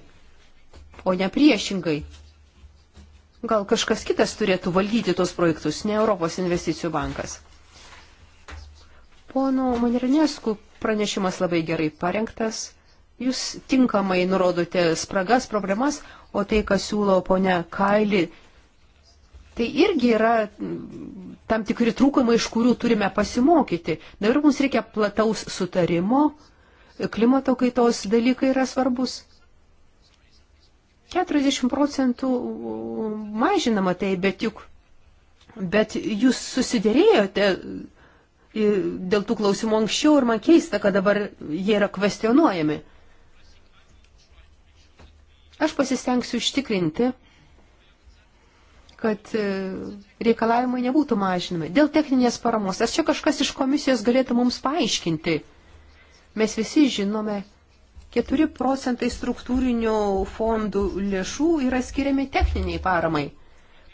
Speaker 2: o ne priešingai. Gal kažkas kitas turėtų valdyti tos projektus, ne Europos investicijų bankas. Pono Manirnesku pranešimas labai gerai parengtas. Jūs tinkamai nurodote spragas, problemas, o tai, kas siūlo ponia Kaili, tai irgi yra tam tikri trūkumai, iš kurių turime pasimokyti. Dabar mums reikia plataus sutarimo, klimato kaitos dalykai yra svarbus. 40 procentų mažinama tai, bet juk, bet jūs susidėrėjote e, dėl tų klausimų anksčiau ir man keista, kad dabar jie yra kvestionuojami. Aš pasistengsiu ištikrinti, kad e, reikalavimai nebūtų mažinami. Dėl techninės paramos, ar čia kažkas iš komisijos galėtų mums paaiškinti? Mes visi žinome, 4 procentai struktūrinių fondų lėšų yra skiriami techniniai paramai.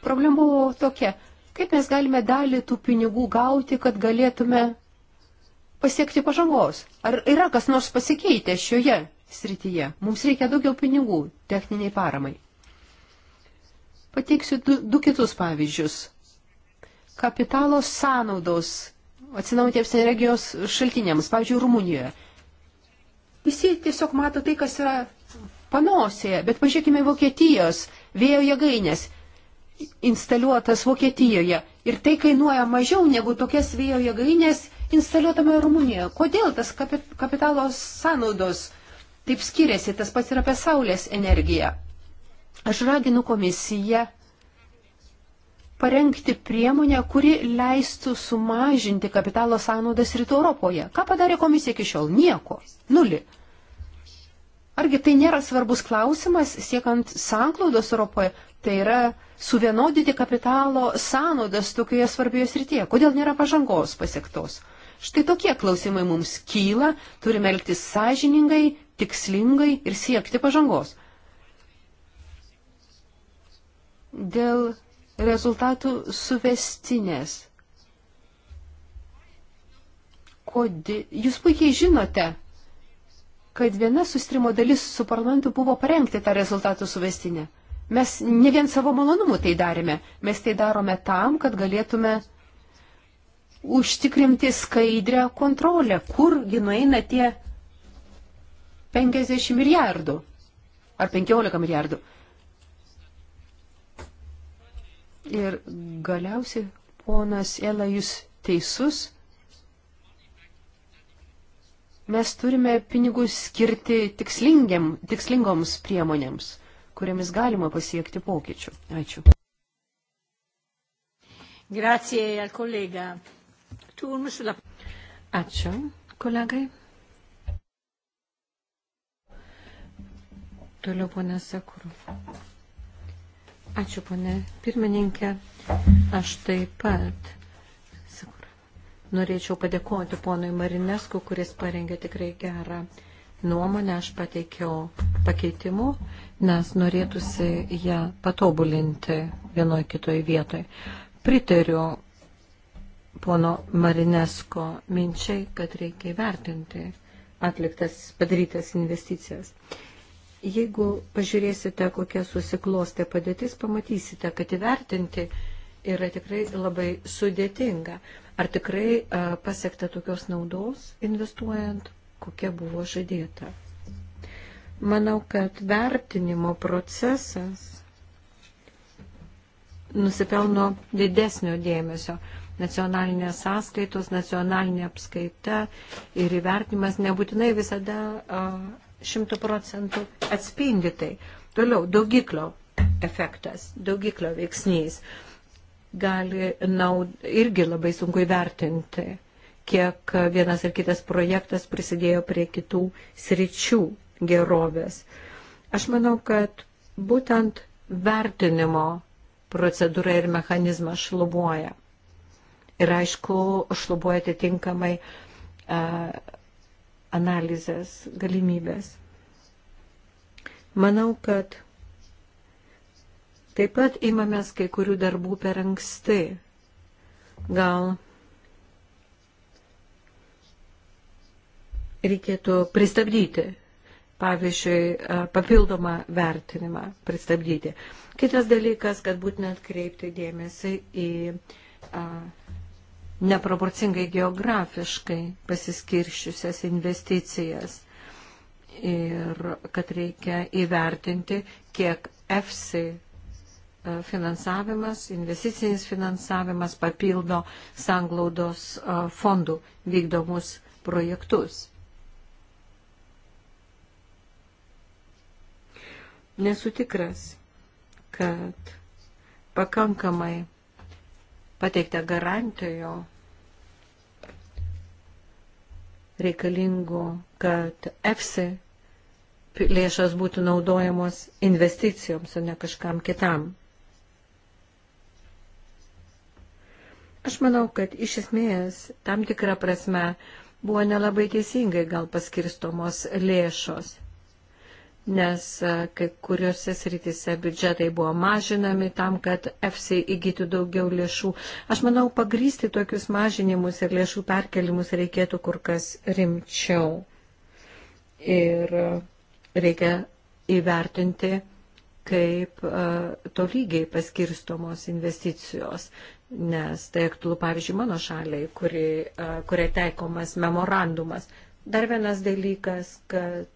Speaker 2: Problema buvo tokia, kaip mes galime dalį tų pinigų gauti, kad galėtume pasiekti pažangos. Ar yra kas nors pasikeitę šioje srityje? Mums reikia daugiau pinigų techniniai paramai. Pateiksiu du, du kitus pavyzdžius. Kapitalo sąnaudos atsinaujantiems energijos šaltiniams, pavyzdžiui, Rumunijoje Visi tiesiog mato tai, kas yra panosėje, bet pažiūrėkime Vokietijos vėjo jėgainės instaliuotas Vokietijoje ir tai kainuoja mažiau negu tokias vėjo jėgainės instaliuotame Rumunijoje. Kodėl tas kapitalo sąnaudos taip skiriasi, tas pats yra apie saulės energiją. Aš raginu komisiją parengti priemonę, kuri leistų sumažinti kapitalo sąnaudas rytų Europoje. Ką padarė komisija iki šiol? Nieko. Nulį. Argi tai nėra svarbus klausimas siekant sanklaudos Europoje? Tai yra suvienodyti kapitalo sąnaudas tokioje svarbioje srityje. Kodėl nėra pažangos pasiektos? Štai tokie klausimai mums kyla, turime elgtis sąžiningai, tikslingai ir siekti pažangos. Dėl rezultatų suvestinės. Kodėl? Jūs puikiai žinote, kad viena sustrimo dalis su parlamentu buvo parengti tą rezultatų suvestinę. Mes ne vien savo malonumu tai darėme, mes tai darome tam, kad galėtume užtikrinti skaidrę kontrolę, kurgi nueina tie 50 milijardų ar 15 milijardų. Ir galiausiai, ponas Ela, jūs teisus, Mes turime pinigus skirti tikslingoms priemonėms, kuriamis galima pasiekti pokyčių. Ačiū.
Speaker 1: Grazie al kolega. Turmus la... Ačiū, kolegai. Toliau ponė Sekuru. Ačiū, ponė pirmininkė. Aš taip pat Norėčiau padėkoti ponui Marinesku, kuris parengė tikrai gerą nuomonę. Aš pateikiau pakeitimų, nes norėtųsi ją patobulinti vienoje kitoje vietoje. Pritariu pono Marinesko minčiai, kad reikia įvertinti atliktas padarytas investicijas. Jeigu pažiūrėsite, kokia susiklostė padėtis, pamatysite, kad įvertinti yra tikrai labai sudėtinga. Ar tikrai e, pasiekta tokios naudos investuojant, kokia buvo žadėta? Manau, kad vertinimo procesas nusipelno didesnio dėmesio. Nacionalinės sąskaitos, nacionalinė apskaita ir įvertinimas nebūtinai visada e, šimtų procentų atspindi tai. Toliau, daugiklio efektas, daugiklio veiksnys gali naud, irgi labai sunku įvertinti, kiek vienas ar kitas projektas prisidėjo prie kitų sričių gerovės. Aš manau, kad būtent vertinimo procedūra ir mechanizmas šlubuoja. Ir aišku, šlubuoja atitinkamai uh, analizės galimybės. Manau, kad Taip pat imamės kai kurių darbų per anksti. Gal reikėtų pristabdyti, pavyzdžiui, papildomą vertinimą pristabdyti. Kitas dalykas, kad būtina atkreipti dėmesį į a, neproporcingai geografiškai pasiskirščiusias investicijas ir kad reikia įvertinti, kiek EFSI finansavimas, investicinis finansavimas papildo sanglaudos fondų vykdomus projektus. Nesu tikras, kad pakankamai pateikta garantijų reikalingų, kad EFSI lėšas būtų naudojamos investicijoms, o ne kažkam kitam. Aš manau, kad iš esmės tam tikrą prasme buvo nelabai teisingai gal paskirstomos lėšos, nes e, kai kuriuose srityse biudžetai buvo mažinami tam, kad FC įgytų daugiau lėšų. Aš manau, pagrysti tokius mažinimus ir lėšų perkelimus reikėtų kur kas rimčiau. Ir e, reikia įvertinti, kaip e, tolygiai paskirstomos investicijos nes tai aktualu, pavyzdžiui, mano šaliai, kuri, kuriai taikomas memorandumas. Dar vienas dalykas, kad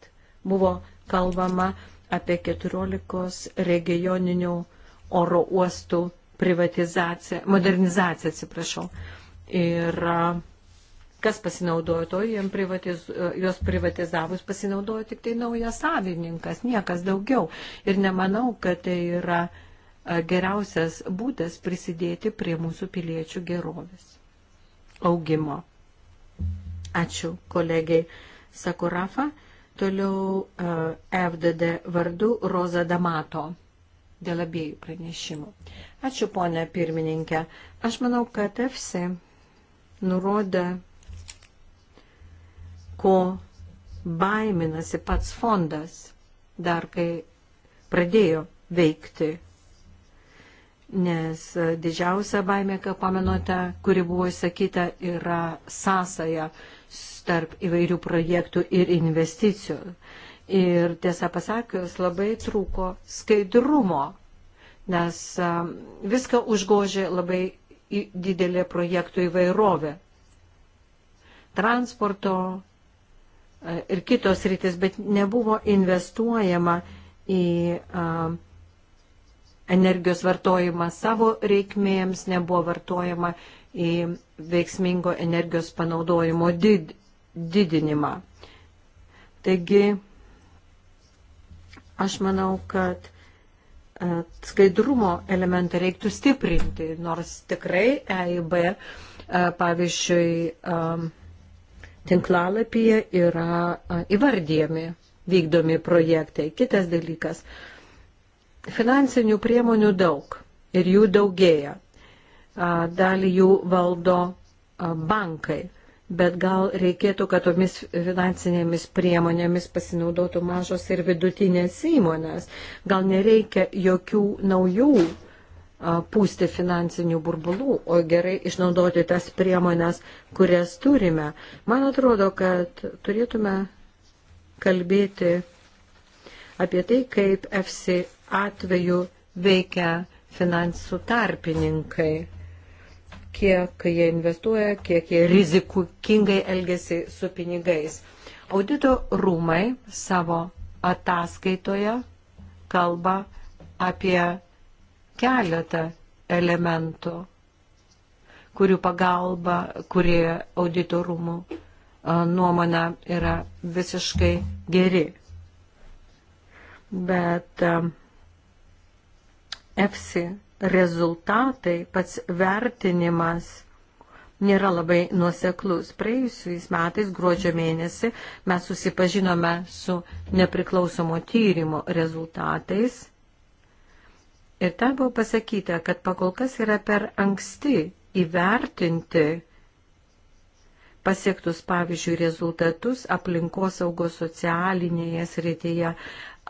Speaker 1: buvo kalbama apie 14 regioninių oro uostų privatizaciją, modernizaciją, atsiprašau. Ir kas pasinaudojo to, privatiz, jos privatizavus pasinaudojo tik tai naujas savininkas, niekas daugiau. Ir nemanau, kad tai yra uh, geriausias būdas prisidėti prie mūsų piliečių gerovės augimo. Ačiū kolegiai Sakurafa. Toliau e, FDD vardu Roza Damato dėl abiejų pranešimų. Ačiū, ponė pirmininkė. Aš manau, kad FC nurodė, ko baiminasi pats fondas dar kai pradėjo veikti nes didžiausia baimė, ką pamenote, kuri buvo įsakyta, yra sąsaja tarp įvairių projektų ir investicijų. Ir tiesą pasakius, labai trūko skaidrumo, nes um, viską užgožė labai didelė projektų įvairovė. Transporto uh, ir kitos rytis, bet nebuvo investuojama į uh, energijos vartojimą savo reikmėms, nebuvo vartojama į veiksmingo energijos panaudojimo did, didinimą. Taigi, aš manau, kad e, skaidrumo elementą reiktų stiprinti, nors tikrai EIB, e, pavyzdžiui, e, tinklalapyje yra įvardyjami vykdomi projektai. Kitas dalykas, Finansinių priemonių daug ir jų daugėja. Dalį jų valdo bankai, bet gal reikėtų, kad tomis finansinėmis priemonėmis pasinaudotų mažos ir vidutinės įmonės. Gal nereikia jokių naujų pūsti finansinių burbulų, o gerai išnaudoti tas priemonės, kurias turime. Man atrodo, kad turėtume kalbėti apie tai, kaip FC atveju veikia finansų tarpininkai kiek jie investuoja, kiek jie rizikukingai elgesi su pinigais. Audito rūmai savo ataskaitoje kalba apie keletą elementų, kurių pagalba, kurie audito rūmų nuomonė yra visiškai geri. Bet uh, EFSI rezultatai, pats vertinimas nėra labai nuoseklus. Praėjusiais metais, gruodžio mėnesį, mes susipažinome su nepriklausomo tyrimo rezultatais. Ir ten buvo pasakyta, kad pakol kas yra per anksti įvertinti pasiektus, pavyzdžiui, rezultatus aplinkosaugos socialinėje srityje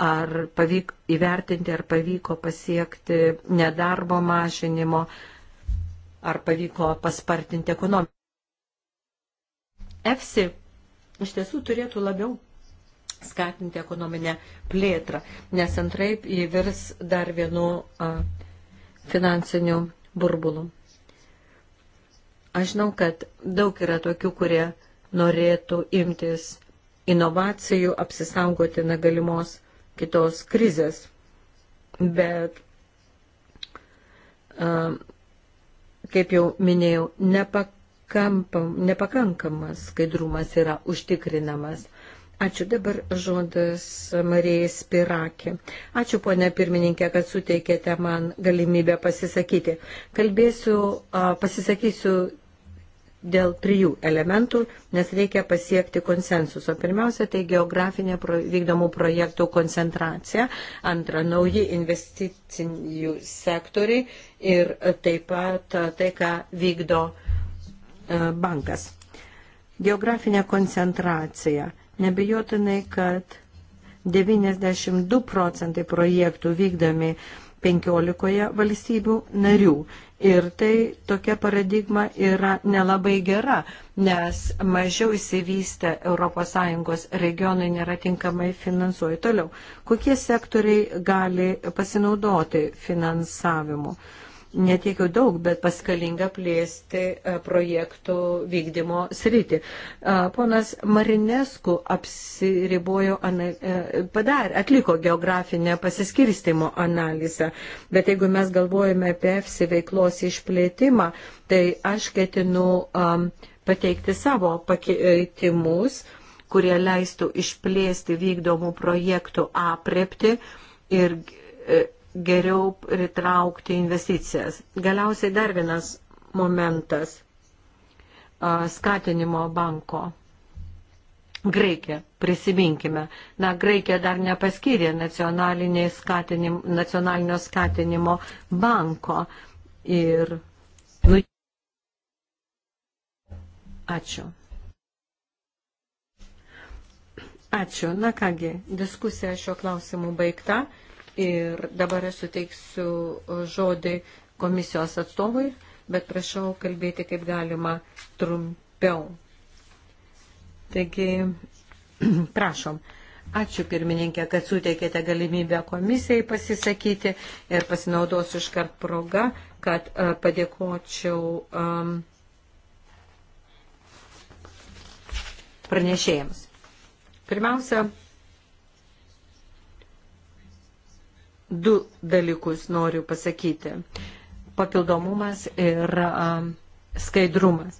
Speaker 1: ar pavyk, įvertinti, ar pavyko pasiekti nedarbo mažinimo, ar pavyko paspartinti ekonomiką. EFSI iš tiesų turėtų labiau skatinti ekonominę plėtrą, nes antraip jį virs dar vienu a, finansiniu burbulu. Aš žinau, kad daug yra tokių, kurie norėtų imtis inovacijų, apsisaugoti negalimos kitos krizės. Bet, kaip jau minėjau, nepakankamas skaidrumas yra užtikrinamas. Ačiū dabar žodis Marijai Spirakė. Ačiū ponė pirmininkė, kad suteikėte man galimybę pasisakyti. Kalbėsiu, pasisakysiu dėl trijų elementų, nes reikia pasiekti konsensuso. Pirmiausia, tai geografinė pro, vykdomų projektų koncentracija, antra, nauji investicinių sektoriai ir taip pat tai, ką vykdo e, bankas. Geografinė koncentracija. Nebijotinai, kad 92 procentai projektų vykdomi 15 valstybių narių Ir tai tokia paradigma yra nelabai gera, nes mažiau įsivystę ES regionai nėra tinkamai finansuoji. Toliau, kokie sektoriai gali pasinaudoti finansavimu? netiek jau daug, bet paskalinga plėsti e, projektų vykdymo sritį. E, ponas Marinesku apsiribojo, e, padarė, atliko geografinę pasiskirstimo analizę, bet jeigu mes galvojame apie EFSI veiklos išplėtimą, tai aš ketinu pateikti savo pakeitimus kurie leistų išplėsti vykdomų projektų aprepti ir geriau pritraukti investicijas. Galiausiai dar vienas momentas skatinimo banko. Graikija, prisiminkime. Na, Graikija dar nepaskyrė skatinim, nacionalinio skatinimo banko. Ir. Nu, ačiū. Ačiū. Na kągi, diskusija šio klausimu baigta. Ir dabar aš suteiksiu žodį komisijos atstovui, bet prašau kalbėti kaip galima trumpiau. Taigi, prašom. Ačiū pirmininkė, kad suteikėte galimybę komisijai pasisakyti ir pasinaudosiu iškart progą, kad uh, padėkočiau um, pranešėjams. Pirmiausia, du dalykus noriu pasakyti. Papildomumas ir um, skaidrumas.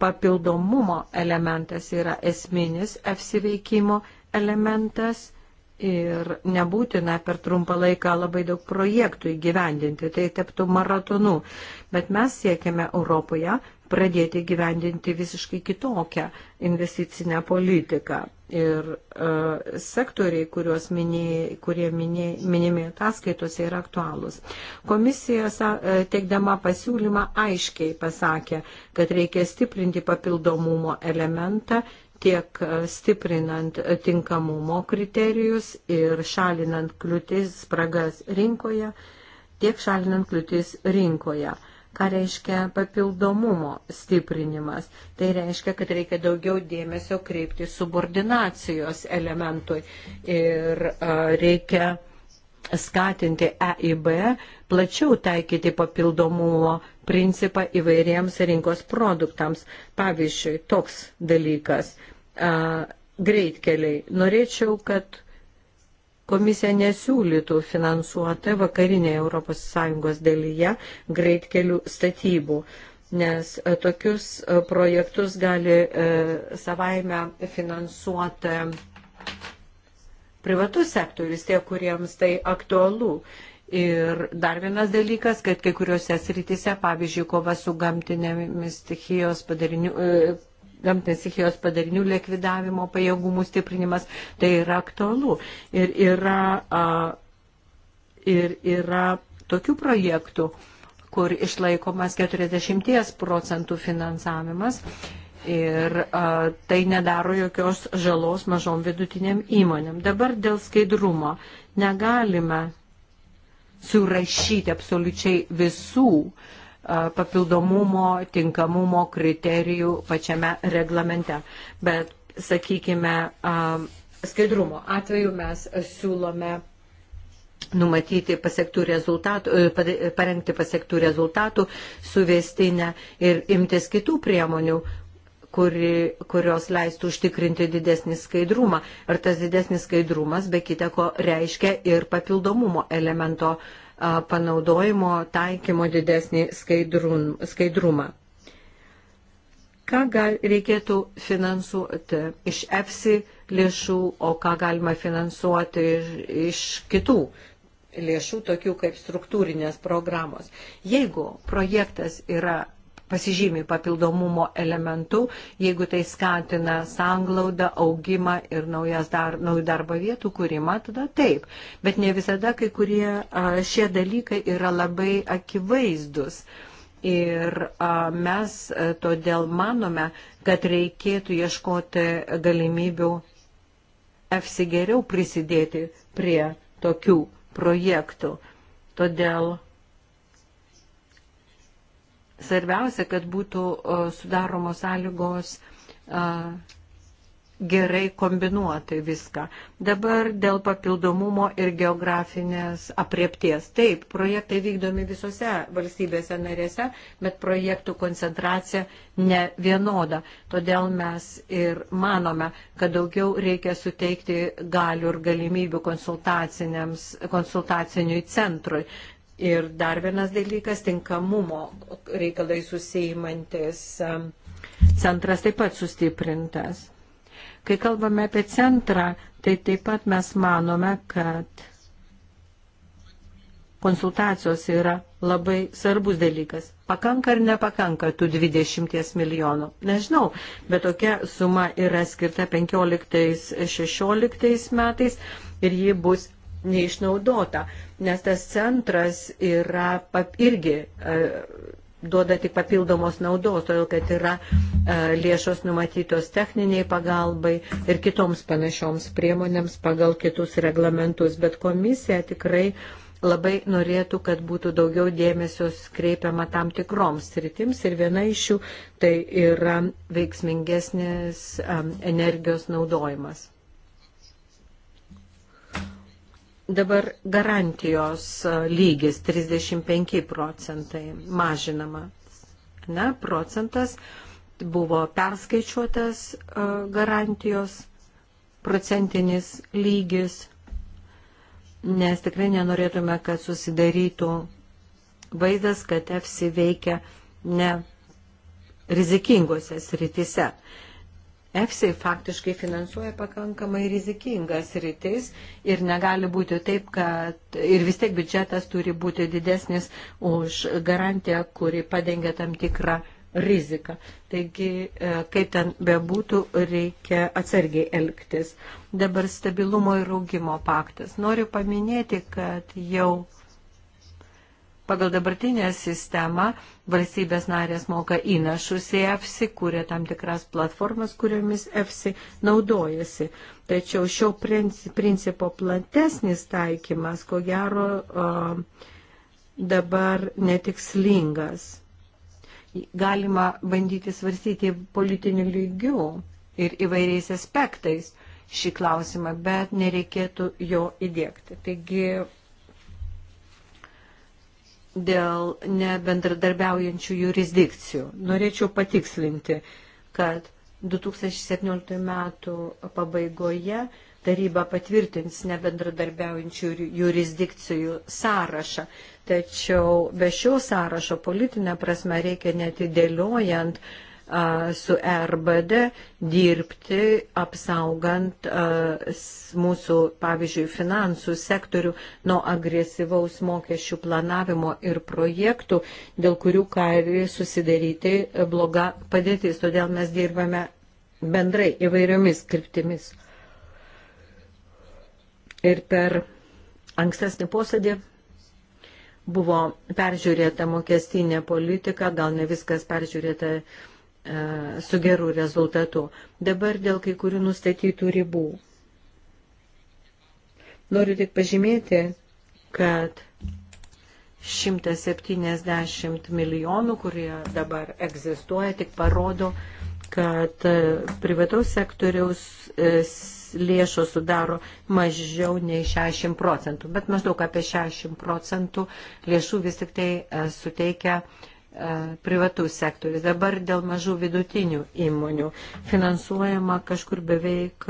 Speaker 1: Papildomumo elementas yra esminis FC veikimo elementas ir nebūtina per trumpą laiką labai daug projektų įgyvendinti, tai taptų maratonu. Bet mes siekiame Europoje, pradėti gyvendinti visiškai kitokią investicinę politiką. Ir uh, sektoriai, minė, kurie minė, minimi ataskaitose, yra aktualūs. Komisija, e, teikdama pasiūlymą, aiškiai pasakė, kad reikia stiprinti papildomumo elementą tiek e, stiprinant tinkamumo kriterijus ir šalinant kliūtis spragas rinkoje, tiek šalinant kliūtis rinkoje. Uh, ką reiškia papildomumo stiprinimas. Tai reiškia, kad reikia daugiau dėmesio kreipti subordinacijos elementui ir reikia skatinti EIB plačiau taikyti papildomumo principą įvairiems rinkos produktams. Pavyzdžiui, toks dalykas - greitkeliai. Norėčiau, kad Komisija nesiūlytų finansuoti vakarinėje ES dalyje greitkelių statybų, nes e, tokius e, projektus gali e, savaime finansuoti privatus sektorius, tie, kuriems tai aktualu. Ir dar vienas dalykas, kad kai kuriuose srityse, pavyzdžiui, kova su gamtinėmis stichijos padariniu, gamtinės stichijos padarinių likvidavimo pajėgumų stiprinimas, tai yra aktualu. Ir yra, a, ir yra tokių projektų, kur išlaikomas 40 procentų finansavimas ir a, tai nedaro jokios žalos mažom vidutiniam įmonėm. Dabar dėl skaidrumo negalime surašyti absoliučiai visų uh, papildomumo, tinkamumo kriterijų pačiame reglamente. Bet, sakykime, skaidrumo atveju mes siūlome numatyti pasiektų rezultatų, e, parengti pasiektų rezultatų suvestinę ir imtis kitų priemonių, kuri, kurios leistų užtikrinti didesnį skaidrumą. Ir tas didesnis skaidrumas, be kita ko, reiškia ir papildomumo elemento uh, panaudojimo taikymo didesnį skaidrumą. Ką gal, reikėtų finansuoti iš EFSI lėšų, o ką galima finansuoti iš, iš kitų lėšų, tokių kaip struktūrinės programos. Jeigu projektas yra pasižymi papildomumo elementu, jeigu tai skatina sanglaudą, augimą ir naujas dar, naujų darbo vietų kūrimą, tada taip. Bet ne visada kai kurie šie dalykai yra labai akivaizdus. Ir a, mes a, todėl manome, kad reikėtų ieškoti galimybių apsigeriau prisidėti prie tokių projektų. Todėl Svarbiausia, kad būtų sudaromos sąlygos gerai kombinuotai viską. Dabar dėl papildomumo ir geografinės apriepties. Taip, projektai vykdomi visose valstybėse narėse, bet projektų koncentracija ne vienoda. Todėl mes ir manome, kad daugiau reikia suteikti galių ir galimybių konsultaciniui centrui, Ir dar vienas dalykas - tinkamumo reikalai susijimantis um, centras taip pat sustiprintas. Kai kalbame apie centrą, tai taip pat mes manome, kad konsultacijos yra labai svarbus dalykas. Pakanka ar nepakanka tų 20 milijonų? Nežinau, bet tokia suma yra skirta 15-16 metais ir ji bus neišnaudota, nes tas centras yra pap, irgi e, duoda tik papildomos naudos, todėl kad yra e, lėšos numatytos techniniai pagalbai ir kitoms panašioms priemonėms pagal kitus reglamentus, bet komisija tikrai labai norėtų, kad būtų daugiau dėmesio skreipiama tam tikroms sritims ir viena iš jų tai yra veiksmingesnis energijos naudojimas. Dabar garantijos e, lygis 35 procentai mažinama. Ne, procentas buvo perskaičiuotas e, garantijos procentinis lygis, nes tikrai nenorėtume, kad susidarytų vaizdas, kad EFSI veikia ne rizikingose sritise. EFSI faktiškai finansuoja pakankamai rizikingas rytis ir negali būti taip, kad ir vis tiek biudžetas turi būti didesnis už garantiją, kuri padengia tam tikrą riziką. Taigi, e, kaip ten bebūtų, reikia atsargiai elgtis. Dabar stabilumo ir augimo paktas. Noriu paminėti, kad jau Pagal dabartinę sistemą valstybės narės moka įnašus į EFSI, kūrė tam tikras platformas, kuriomis EFSI naudojasi. Tačiau šio principo platesnis taikymas, ko gero, dabar netikslingas. Galima bandyti svarstyti politiniu lygiu ir įvairiais aspektais šį klausimą, bet nereikėtų jo įdėkti. Taigi dėl nebendradarbiaujančių jurisdikcijų. Norėčiau patikslinti, kad 2017 metų pabaigoje taryba patvirtins nebendradarbiaujančių jurisdikcijų sąrašą. Tačiau be šio sąrašo politinė prasme reikia netidėliojant uh, su RBD dirbti, apsaugant mūsų, pavyzdžiui, finansų sektorių nuo agresyvaus mokesčių planavimo ir projektų, dėl kurių gali susidaryti bloga padėtis. Todėl mes dirbame bendrai įvairiomis kryptimis. Ir per ankstesnį posėdį buvo peržiūrėta mokestinė politika, gal ne viskas peržiūrėta E, su geru rezultatu. Dabar dėl kai kurių nustatytų ribų. Noriu tik pažymėti, kad 170 milijonų, kurie dabar egzistuoja, tik parodo, kad e, privataus sektoriaus e, lėšos sudaro mažiau nei 60 procentų, bet maždaug apie 60 procentų lėšų vis tik tai suteikia uh, E, privatus sektorius. Dabar dėl mažų vidutinių įmonių finansuojama kažkur beveik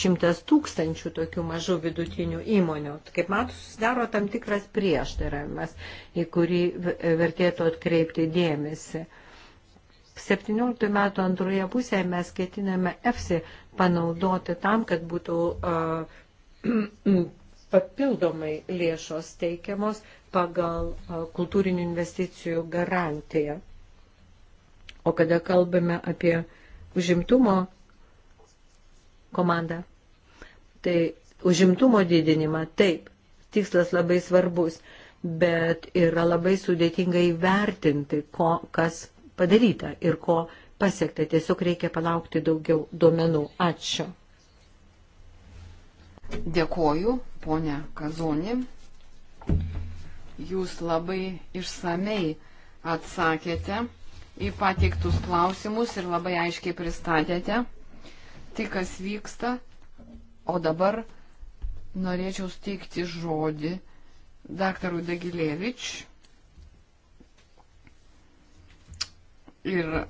Speaker 1: šimtas tūkstančių tokių mažų vidutinių įmonių. Kaip matus, susidaro tam tikras prieštaravimas, į kurį vertėtų atkreipti dėmesį. 17 metų antroje pusėje mes ketiname EFSI panaudoti tam, kad būtų uh, papildomai lėšos teikiamos pagal kultūrinių investicijų garantiją. O kada kalbame apie užimtumo komandą, tai užimtumo didinimą, taip, tikslas labai svarbus, bet yra labai sudėtinga įvertinti, ko, kas padaryta ir ko pasiekta. Tiesiog reikia palaukti daugiau duomenų.
Speaker 3: Ačiū. Dėkoju, ponia Kazonė jūs labai išsamei atsakėte į pateiktus klausimus ir labai aiškiai pristatėte tai, kas vyksta. O dabar norėčiau steikti žodį daktarui Dagilievič. Ir e,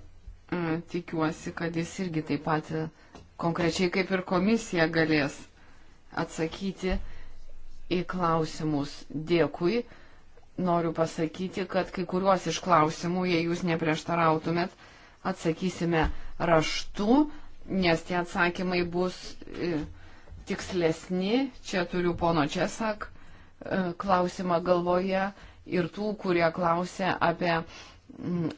Speaker 3: tikiuosi, kad jis irgi taip pat e, konkrečiai kaip ir komisija galės atsakyti į klausimus. Dėkui noriu pasakyti, kad kai kuriuos iš klausimų, jei jūs neprieštarautumėt, atsakysime raštu, nes tie atsakymai bus e, tikslesni. Čia turiu pono Česak e, klausimą galvoje ir tų, kurie klausė apie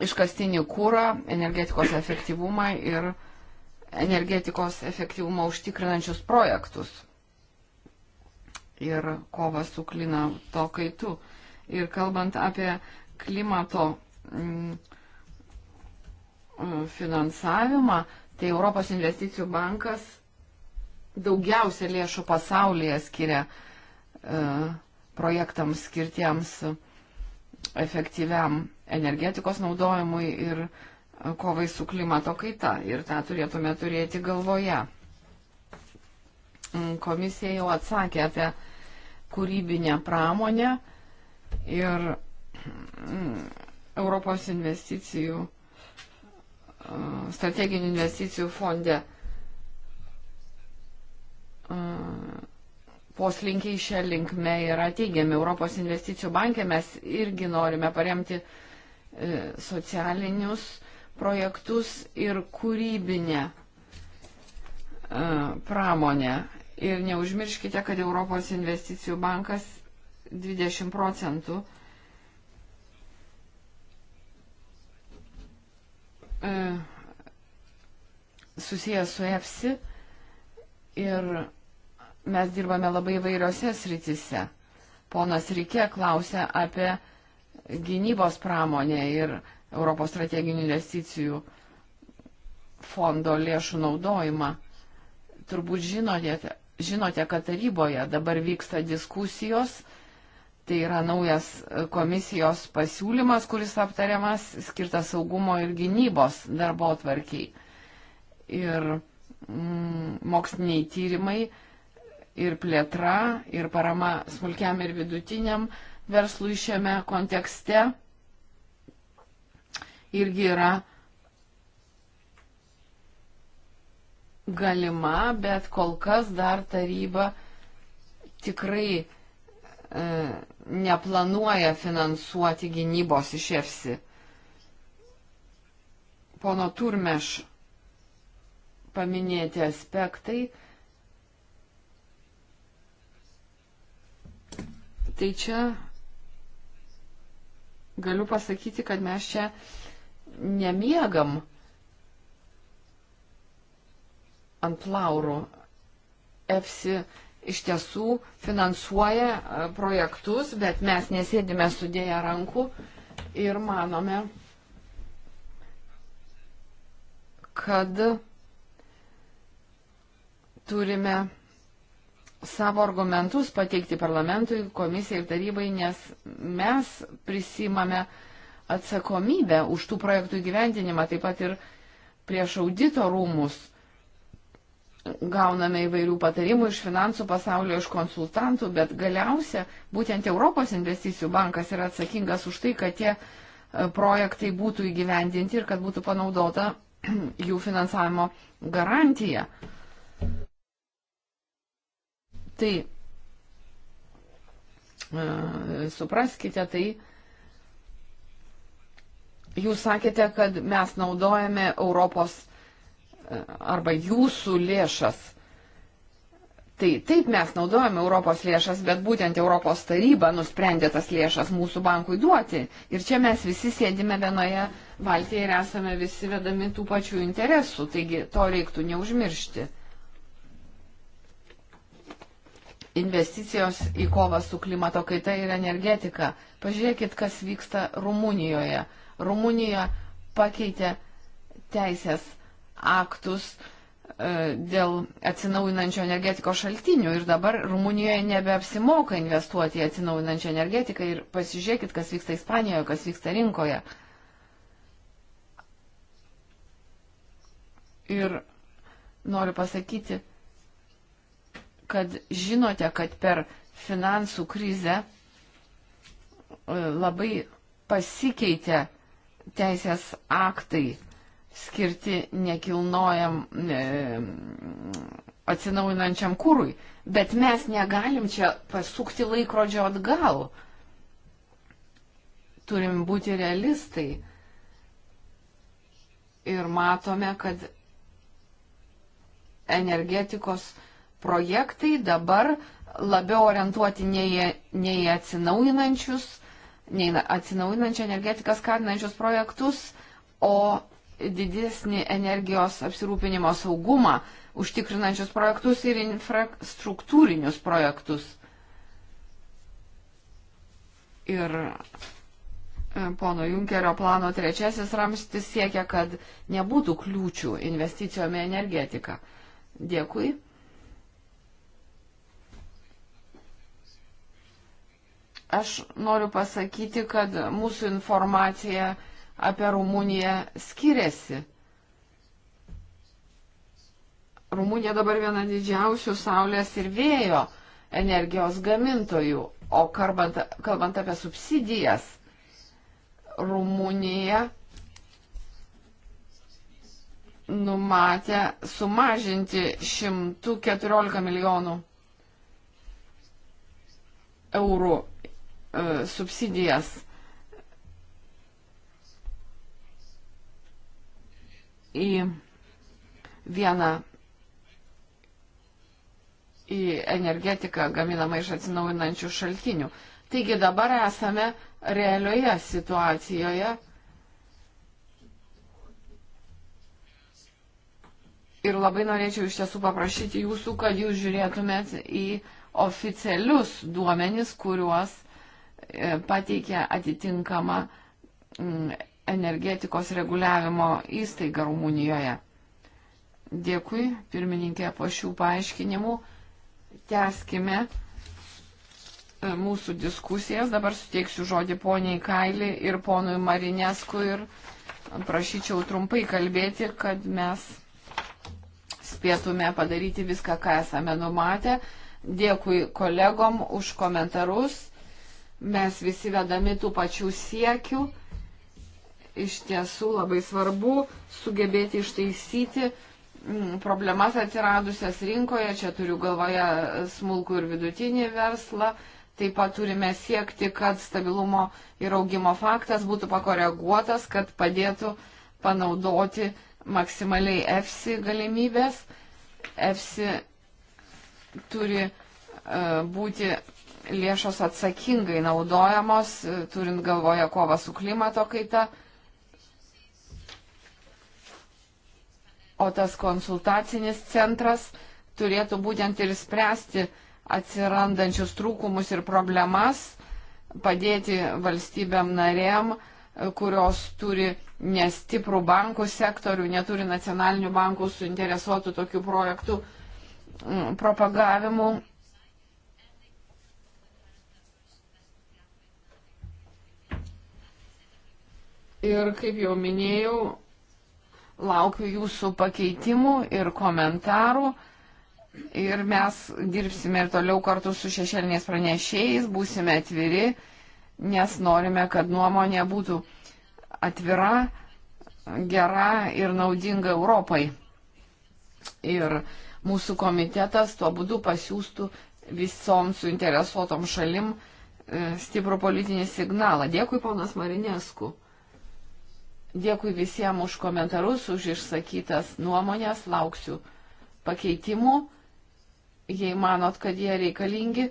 Speaker 3: iškastinį kūrą, energetikos efektyvumą ir energetikos efektyvumą užtikrinančius projektus ir kovą su klina to kaitu. Ir kalbant apie klimato mm, e, finansavimą, tai Europos investicijų bankas daugiausia lėšų pasaulyje skiria e, projektams skirtiems efektyviam energetikos naudojimui ir e, kovai su klimato kaita. Ir tą turėtume turėti galvoje. Mm, komisija jau atsakė apie kūrybinę pramonę ir mm, Europos investicijų, strateginių investicijų fonde poslinkiai šią linkmę yra teigiami. Europos investicijų bankė mes irgi norime paremti e, socialinius projektus ir kūrybinę pramonę. Ir neužmirškite, kad Europos investicijų bankas 20 procentų. E, susijęs su EFSI ir mes dirbame labai vairiose sritise. Ponas Rikė klausė apie gynybos pramonę ir Europos strateginių investicijų fondo lėšų naudojimą. Turbūt žinote, žinote, kad taryboje dabar vyksta diskusijos Tai yra naujas e, komisijos pasiūlymas, kuris aptariamas, skirtas saugumo ir gynybos darbo tvarkiai. Ir mm, moksliniai tyrimai, ir plėtra, ir parama smulkiam ir vidutiniam verslui šiame kontekste irgi yra galima, bet kol kas dar taryba tikrai E, neplanuoja finansuoti gynybos iš EFSI. Pono Turmeš paminėti aspektai. Tai čia galiu pasakyti, kad mes čia nemiegam ant laurų. EFSI iš tiesų finansuoja e, projektus, bet mes nesėdime sudėję rankų ir manome, kad turime savo argumentus pateikti parlamentui, komisijai ir tarybai, nes mes prisimame atsakomybę už tų projektų įgyvendinimą, taip pat ir prieš audito rūmus gauname įvairių patarimų iš finansų pasaulio, iš konsultantų, bet galiausia būtent Europos investicijų bankas yra atsakingas už tai, kad tie e, projektai būtų įgyvendinti ir kad būtų panaudota jų finansavimo garantija. Tai e, supraskite tai. Jūs sakėte, kad mes naudojame Europos arba jūsų lėšas. Tai taip mes naudojame Europos lėšas, bet būtent Europos taryba nusprendė tas lėšas mūsų bankui duoti. Ir čia mes visi sėdime vienoje valtyje ir esame visi vedami tų pačių interesų. Taigi to reiktų neužmiršti. Investicijos į kovą su klimato kaita ir energetika. Pažiūrėkit, kas vyksta Rumunijoje. Rumunija pakeitė teisės aktus e, dėl atsinaujinančio energetikos šaltinių ir dabar Rumunijoje nebeapsimoka investuoti į atsinaujinančią energetiką ir pasižiūrėkit, kas vyksta Ispanijoje, kas vyksta rinkoje. Ir noriu pasakyti, kad žinote, kad per finansų krizę e, labai pasikeitė teisės aktai skirti nekilnojam e, atsinaujinančiam kūrui, bet mes negalim čia pasukti laikrodžio atgal. Turim būti realistai. Ir matome, kad energetikos projektai dabar labiau orientuoti nei, nei atsinaujinančius, nei atsinaujinančią energetiką skatinančius projektus, o didesnį energijos apsirūpinimo saugumą užtikrinančius projektus ir infrastruktūrinius projektus. Ir e, pono Junkerio plano trečiasis ramstis siekia, kad nebūtų kliūčių investicijom į energetiką. Dėkui. Aš noriu pasakyti, kad mūsų informacija apie Rumuniją skiriasi. Rumunija dabar viena didžiausių saulės ir vėjo energijos gamintojų, o kalbant, kalbant apie subsidijas, Rumunija numatė sumažinti 114 milijonų eurų e, subsidijas į vieną į energetiką gaminamą iš atsinaujinančių šaltinių. Taigi dabar esame realioje situacijoje ir labai norėčiau iš tiesų paprašyti jūsų, kad jūs žiūrėtumėt į oficialius duomenis, kuriuos e, pateikia atitinkama energetikos reguliavimo įstaiga Rumunijoje. Dėkui, pirmininkė, po šių paaiškinimų. Teskime e, mūsų diskusijas. Dabar suteiksiu žodį poniai Kailį ir ponui Marinesku ir prašyčiau trumpai kalbėti, kad mes spėtume padaryti viską, ką esame numatę. Dėkui kolegom už komentarus. Mes visi vedami tų pačių siekių iš tiesų labai svarbu sugebėti ištaisyti mm, problemas atsiradusias rinkoje, čia turiu galvoje smulkų ir vidutinį verslą, taip pat turime siekti, kad stabilumo ir augimo faktas būtų pakoreguotas, kad padėtų panaudoti maksimaliai EFSI galimybės. EFSI turi e, būti lėšos atsakingai naudojamos, e, turint galvoje kovą su klimato kaita. o tas konsultacinis centras turėtų būtent ir spręsti atsirandančius trūkumus ir problemas, padėti valstybėm narėm, kurios turi nestiprų bankų sektorių, neturi nacionalinių bankų suinteresuotų tokių projektų mm, propagavimu. Ir kaip jau minėjau, laukiu jūsų pakeitimų ir komentarų. Ir mes dirbsime ir toliau kartu su šešėliniais pranešėjais, būsime atviri, nes norime, kad nuomonė būtų atvira, gera ir naudinga Europai. Ir mūsų komitetas tuo būdu pasiūstų visom suinteresuotom šalim e, stiprų politinį signalą. Dėkui, ponas Marinesku. Dėkui visiems už komentarus, už išsakytas nuomonės, lauksiu pakeitimų, jei manot, kad jie reikalingi.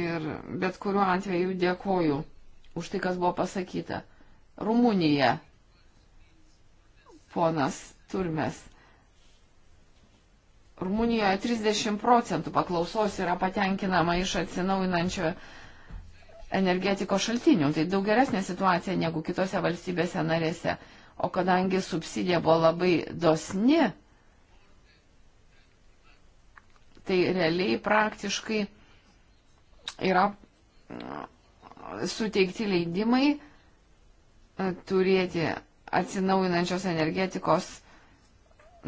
Speaker 3: Ir bet kuriuo atveju dėkoju už tai, kas buvo pasakyta. Rumunija, ponas Turmes. Rumunijoje 30 procentų paklausos yra patenkinama iš atsinaujinančio energetikos šaltinių. Tai daug geresnė situacija negu kitose valstybėse narėse. O kadangi subsidija buvo labai dosni, tai realiai praktiškai yra mm, suteikti leidimai e, turėti atsinaujinančios energetikos,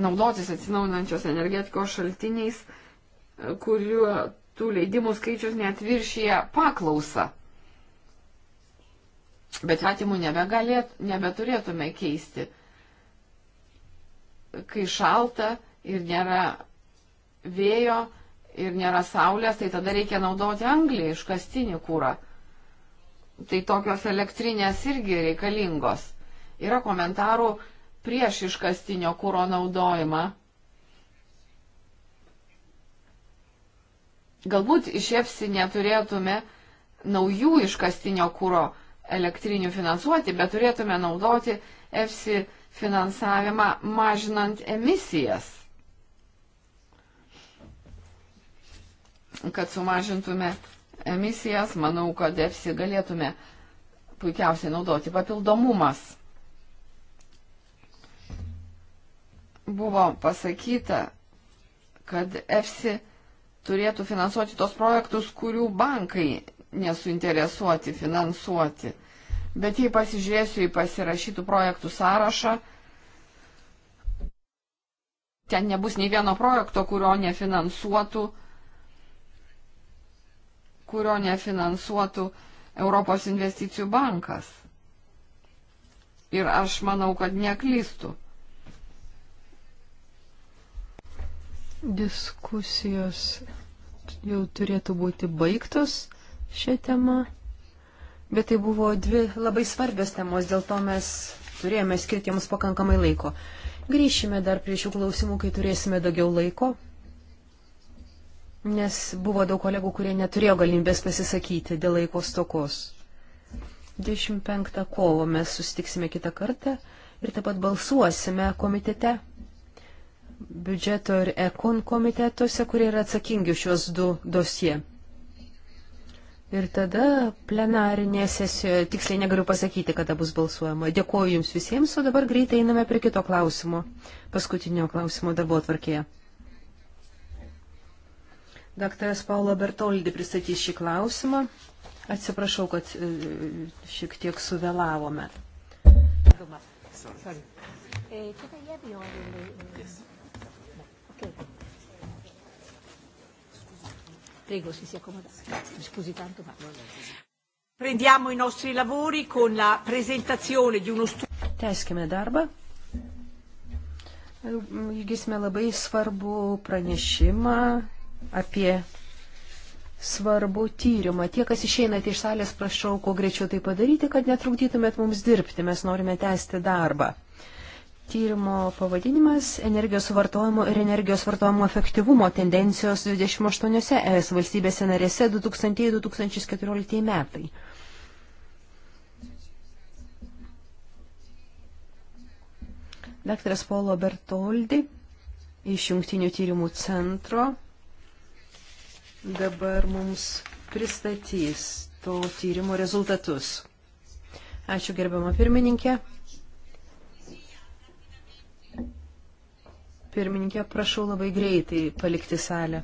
Speaker 3: naudotis atsinaujinančios energetikos šaltiniais, e, kuriuo tų leidimų skaičius net viršyje paklausą. Bet įstatymų nebeturėtume keisti. Kai šalta ir nėra vėjo ir nėra saulės, tai tada reikia naudoti anglį iškastinį kūrą. Tai tokios elektrinės irgi reikalingos. Yra komentarų prieš iškastinio kūro naudojimą. Galbūt iš EFSI neturėtume naujų iškastinio kūro naudojimą elektrinių finansuoti, bet turėtume naudoti EFSI finansavimą mažinant emisijas, kad sumažintume emisijas, manau, kad EFSI galėtume puikiausiai naudoti papildomumas. Buvo pasakyta, kad EFSI turėtų finansuoti tos projektus, kurių bankai nesuinteresuoti finansuoti. Bet jei pasižiūrėsiu į pasirašytų projektų sąrašą, ten nebus nei vieno projekto, kurio nefinansuotų, kurio nefinansuotų Europos investicijų bankas. Ir aš manau, kad neklystų.
Speaker 2: Diskusijos jau turėtų būti baigtos šią temą, bet tai buvo dvi labai svarbios temos, dėl to mes turėjome skirti joms pakankamai laiko. Grįšime dar prie šių klausimų, kai turėsime daugiau laiko, nes buvo daug kolegų, kurie neturėjo galimybės pasisakyti dėl laiko stokos. 25 kovo mes susitiksime kitą kartą ir taip pat balsuosime komitete, biudžeto ir ekon komitetuose, kurie yra atsakingi šios du dosie. Ir tada plenarinėje sesijoje, tiksliai negaliu pasakyti, kada bus balsuojama. Dėkuoju Jums visiems, o dabar greitai einame prie kito klausimo, paskutinio klausimo darbo atvarkėje. Daktaras Paulo Bertoldi pristatys šį klausimą. Atsiprašau, kad e, šiek tiek suvėlavome.
Speaker 1: Sorry. Sorry. Eh, ¿Qué te había dicho? Yes. Prego, si sia accomodato. Mi scusi tanto, ma... Prendiamo i nostri lavori con la presentazione di uno studio.
Speaker 2: Tęskime darbą. Ilgisime labai svarbų pranešimą apie svarbu tyrimą. Tie, kas išeinate iš salės, prašau, kuo greičiau tai padaryti, kad netrukdytumėt mums dirbti. Mes norime tęsti darbą. Tyrimo pavadinimas - energijos vartojimo ir energijos vartojimo efektyvumo tendencijos 28 ES valstybėse narėse 2000-2014 metai. Daktaras Polo Bertoldi iš Jungtinių tyrimų centro dabar mums pristatys to tyrimo rezultatus. Ačiū gerbiama pirmininkė. Pirmininkė, prašau labai greitai palikti salę.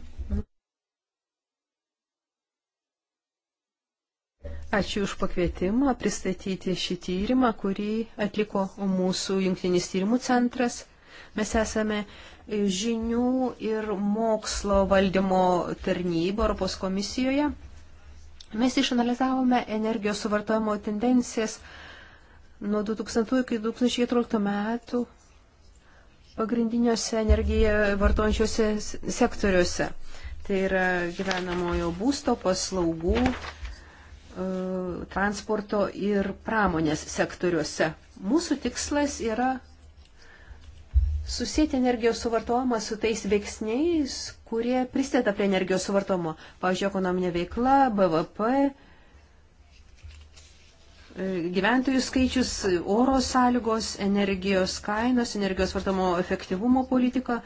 Speaker 2: Ačiū už pakvietimą pristatyti šį tyrimą, kurį atliko mūsų jungtinis tyrimų centras. Mes esame žinių ir mokslo valdymo tarnybo Europos komisijoje. Mes išanalizavome energijos suvartojimo tendencijas nuo 2000 iki 2014 metų pagrindiniuose energiją vartojančiuose sektoriuose. Tai yra gyvenamojo būsto, paslaugų, e, transporto ir pramonės sektoriuose. Mūsų tikslas yra susijęti energijos suvartojimą su tais veiksniais, kurie prisideda prie energijos suvartojimo. Pavyzdžiui, ekonominė veikla, BVP, gyventojų skaičius, oro sąlygos, energijos kainos, energijos vartomo efektyvumo politika,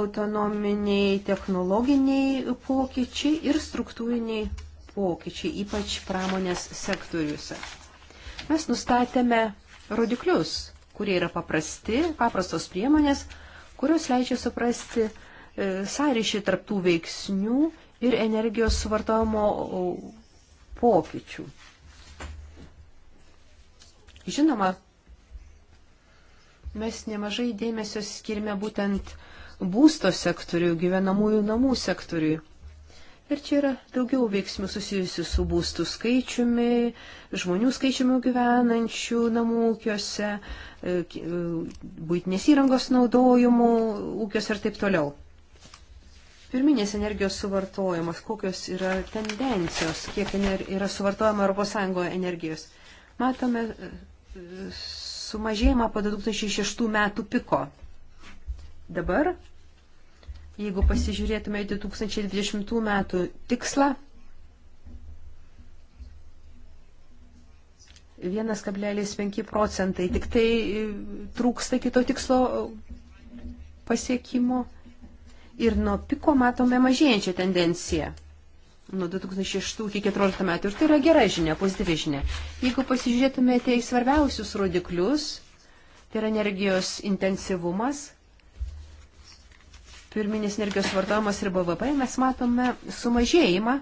Speaker 2: autonominiai technologiniai pokyčiai ir struktūriniai pokyčiai, ypač pramonės sektoriuose. Mes nustatėme rodiklius, kurie yra paprasti, paprastos priemonės, kurios leidžia suprasti e, sąryšį tarptų veiksnių ir energijos suvartojimo pokyčių. Žinoma, mes nemažai dėmesio skirime būtent būsto sektoriui, gyvenamųjų namų sektoriui. Ir čia yra daugiau veiksmių susijusių su būstų skaičiumi, žmonių skaičiumi gyvenančių namų ūkiuose, e, e, būtinės įrangos naudojimu ūkiuose ir taip toliau. Pirminės energijos suvartojimas, kokios yra tendencijos, kiek yra suvartojama ES energijos. Matome sumažėjimą po 2006 metų piko. Dabar, jeigu pasižiūrėtume į 2020 metų tikslą, 1,5 procentai, tik tai e, trūksta kito tikslo e, pasiekimo ir nuo piko matome mažėjančią tendenciją nuo 2006 iki 2014 metų. Ir tai yra gera žinia, pozityvi žinia. Jeigu pasižiūrėtumėte į svarbiausius rodiklius, tai yra energijos intensyvumas, pirminis energijos vartojimas ir BVP, mes matome sumažėjimą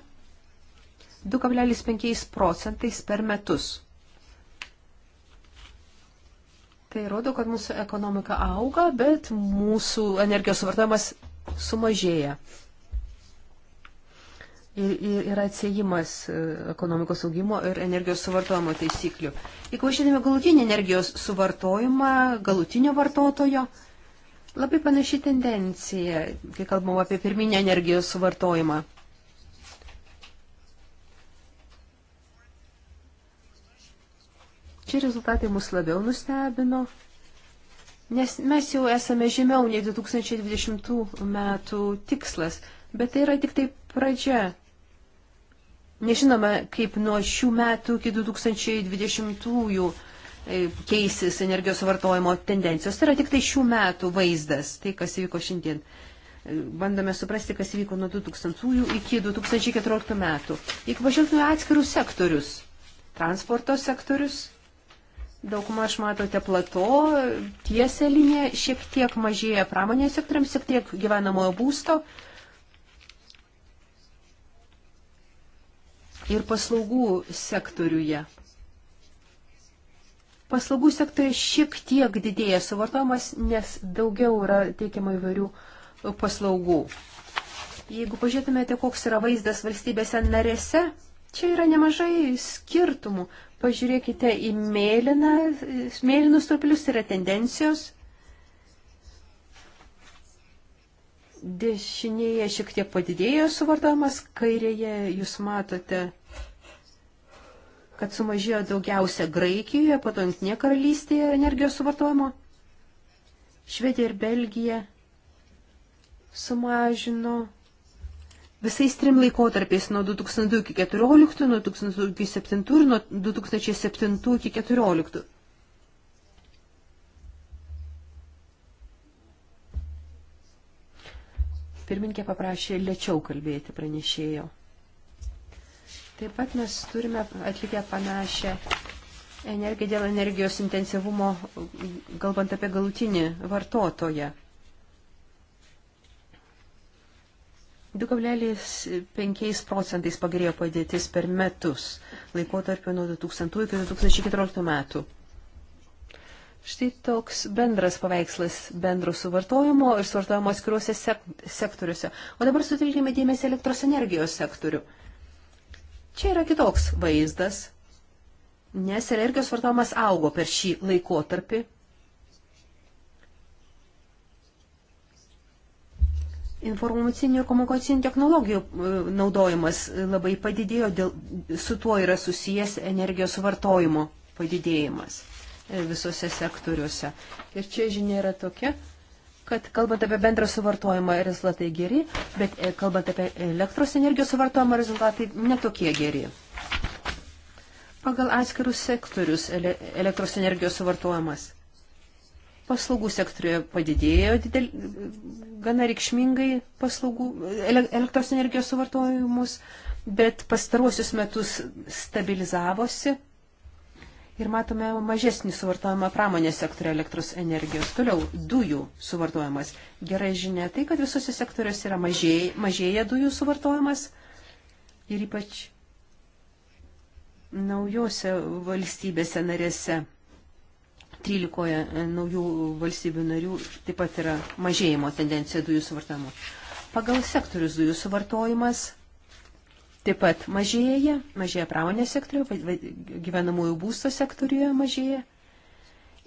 Speaker 2: 2,5 procentais per metus. Tai rodo, kad mūsų ekonomika auga, bet mūsų energijos suvartojimas sumažėja yra atsiejimas e, ekonomikos augimo ir energijos suvartojimo taisyklių. Jeigu išėdėme galutinį energijos suvartojimą, galutinio vartotojo, labai panaši tendencija, kai kalbam apie pirminį energijos suvartojimą. Čia rezultatai mus labiau nustebino, nes mes jau esame žemiau nei 2020 metų tikslas, bet tai yra tik tai pradžia Nežinome, kaip nuo šių metų iki 2020-ųjų e, keisis energijos vartojimo tendencijos. Tai yra tik tai šių metų vaizdas, tai kas įvyko šiandien. E, bandome suprasti, kas įvyko nuo 2000-ųjų iki 2014 metų. Jeigu pažvelgtume atskirus sektorius, transporto sektorius, daugmaž matote plato, tiesia linija, šiek tiek mažėja pramonės sektoriams, šiek tiek gyvenamojo būsto, ir paslaugų sektoriuje. Paslaugų sektoriuje šiek tiek didėja suvartojimas, nes daugiau yra teikiama įvairių paslaugų. Jeigu pažiūrėtumėte, koks yra vaizdas valstybėse narėse, čia yra nemažai skirtumų. Pažiūrėkite į mėlyną, mėlynus stulpelius, yra tendencijos, dešinėje šiek tiek padidėjo suvartojimas, kairėje jūs matote, kad sumažėjo daugiausia Graikijoje, po to Junktinėje karalystėje energijos suvartojimo. Švedija ir Belgija sumažino visais trim laikotarpiais nuo 2002 iki 2014, nuo 2007 ir nuo 2007 iki 2014. Pirminkė paprašė lėčiau kalbėti pranešėjo. Taip pat mes turime atlikę panašią energiją dėl energijos intensyvumo, galbant apie galutinį vartotoją. 2,5 procentais pagerėjo padėtis per metus laikotarpio nuo 2000 iki 2014 metų. Štai toks bendras paveikslas bendro suvartojimo ir suvartojimo atskiruose sek sektoriuose. O dabar sutelkime dėmesį elektros energijos sektorių. Čia yra kitoks vaizdas, nes energijos vartojimas augo per šį laikotarpį. Informacinių ir komunikacinių technologijų e, naudojimas e, labai padidėjo, dėl, su tuo yra susijęs energijos vartojimo padidėjimas. E, visose sektoriuose. Ir čia žinia yra tokia, kad kalbant apie bendrą suvartojimą rezultatai geri, bet e, kalbant apie elektros energijos suvartojimą rezultatai netokie geri. Pagal atskirus sektorius ele, elektros energijos suvartojimas. Paslaugų sektoriuje padidėjo didel, gana reikšmingai paslaugų, ele, elektros energijos suvartojimus, bet pastaruosius metus stabilizavosi ir matome mažesnį suvartojimą pramonės sektorio elektros energijos. Toliau dujų suvartojimas. Gerai žinia tai, kad visose sektoriuose yra mažėja, mažėja dujų suvartojimas ir ypač naujose valstybėse narėse. 13 e, naujų valstybių narių taip pat yra mažėjimo tendencija dujų suvartojimo. Pagal sektorius dujų suvartojimas taip pat mažėja, mažėja pramonės sektoriuje, gyvenamųjų būsto sektoriuje mažėja.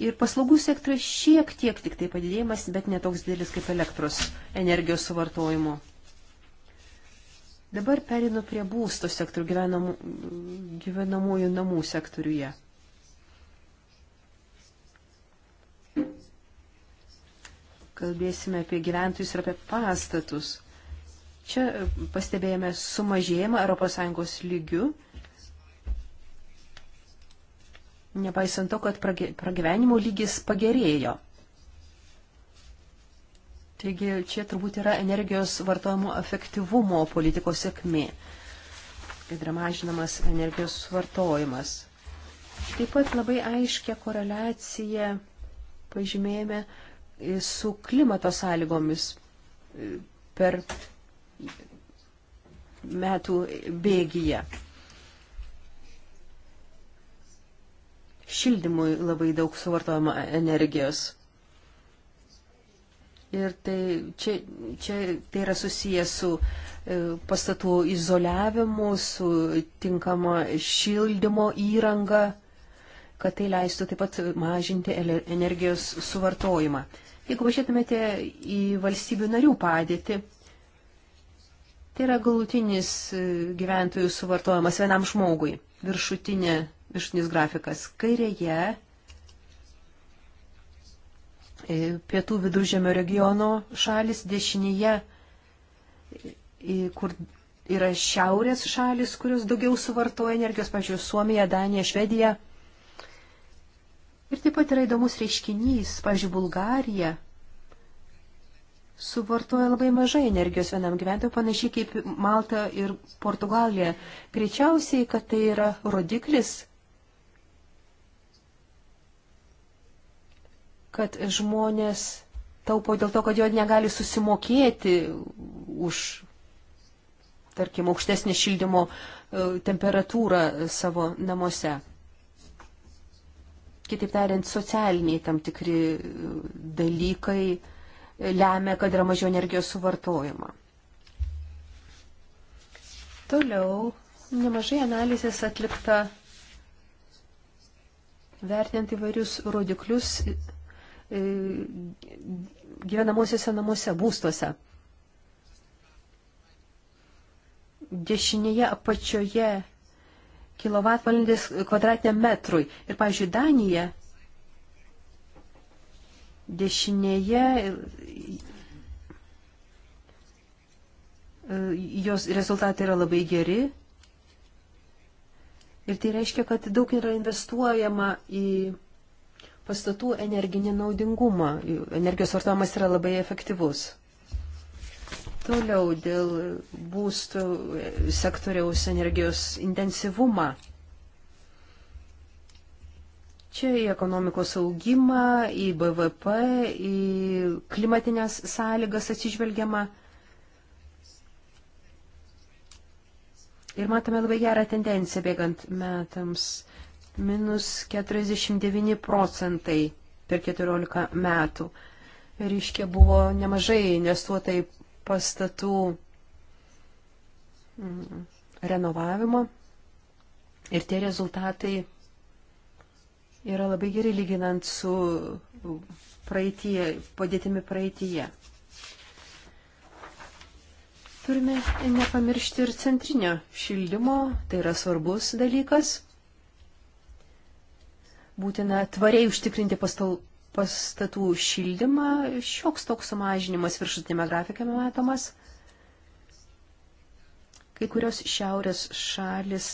Speaker 2: Ir paslaugų sektoriuje šiek tiek tik tai padidėjimas, bet netoks didelis kaip elektros energijos suvartojimo. Dabar perinu prie būsto sektorių gyvenamų, gyvenamųjų namų sektoriuje. Kalbėsime apie gyventojus ir apie pastatus. Čia pastebėjome sumažėjimą ES lygių, nepaisant to, kad pragyvenimo lygis pagerėjo. Taigi čia turbūt yra energijos vartojimo efektyvumo politikos sėkmė, kad yra mažinamas energijos vartojimas. Taip pat labai aiškia koreliacija pažymėjome su klimato sąlygomis e, per metų bėgyje. Šildymui labai daug suvartojama energijos. Ir tai, čia, čia tai yra susijęs su e, pastatų izoliavimu, su tinkama šildymo įranga, kad tai leistų taip pat mažinti energijos suvartojimą. Jeigu pažiūrėtumėte į valstybių narių padėtį, Tai yra galutinis e, gyventojų suvartojimas vienam žmogui. Viršutinė, viršutinis grafikas. Kairėje e, pietų viduržėmio regiono šalis, dešinėje, e, kur yra šiaurės šalis, kurios daugiau suvartoja energijos, pavyzdžiui, Suomija, Danija, Švedija. Ir taip pat yra įdomus reiškinys, pavyzdžiui, Bulgarija – suvartoja labai mažai energijos vienam gyventojui, panašiai kaip Malta ir Portugalija. Greičiausiai, kad tai yra rodiklis, kad žmonės taupo dėl to, kad jo negali susimokėti už, tarkim, aukštesnį šildymo e, temperatūrą savo namuose. Kitaip tariant, socialiniai tam tikri e, dalykai lemia, kad yra mažiau energijos suvartojama. Toliau nemažai analizės atlikta vertinant įvairius rodiklius e, e, gyvenamosiuose namuose, būstuose. Dešinėje apačioje kilovatvalandės kvadratiniam metrui. Ir, pavyzdžiui, Danija dešinėje jos rezultatai yra labai geri. Ir tai reiškia, kad daug yra investuojama į pastatų energinį naudingumą. Energijos vartojimas yra labai efektyvus. Toliau dėl būstų sektoriaus energijos intensyvumą. Čia į ekonomikos augimą, į BVP, į klimatinės sąlygas atsižvelgiama. Ir matome labai gerą tendenciją bėgant metams. Minus 49 procentai per 14 metų. Reiškia, buvo nemažai investuota į pastatų mm, renovavimą. Ir tie rezultatai yra labai gerai lyginant su praeitie, padėtimi praeitie. Turime nepamiršti ir centrinio šildymo, tai yra svarbus dalykas. Būtina tvariai užtikrinti pastal, pastatų šildymą, šioks toks sumažinimas viršutinėme grafikame matomas. Kai kurios šiaurės šalis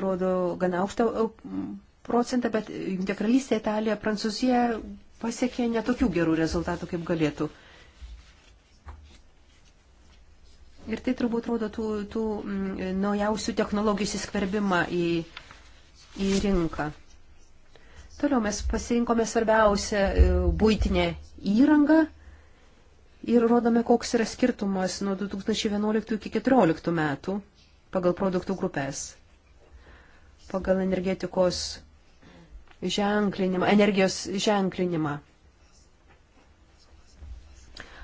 Speaker 2: rodo gana aukštą procentą, bet Junktinė karalystė, Italija, Prancūzija pasiekė netokių gerų rezultatų, kaip galėtų. Ir tai turbūt rodo tų, tų mm, naujausių technologijų įsiskverbimą į, į rinką. Toliau mes pasirinkome svarbiausią e, būtinę įrangą ir rodome, koks yra skirtumas nuo 2011 iki 2014 metų pagal produktų grupės pagal energetikos ženklinimą, energijos ženklinimą,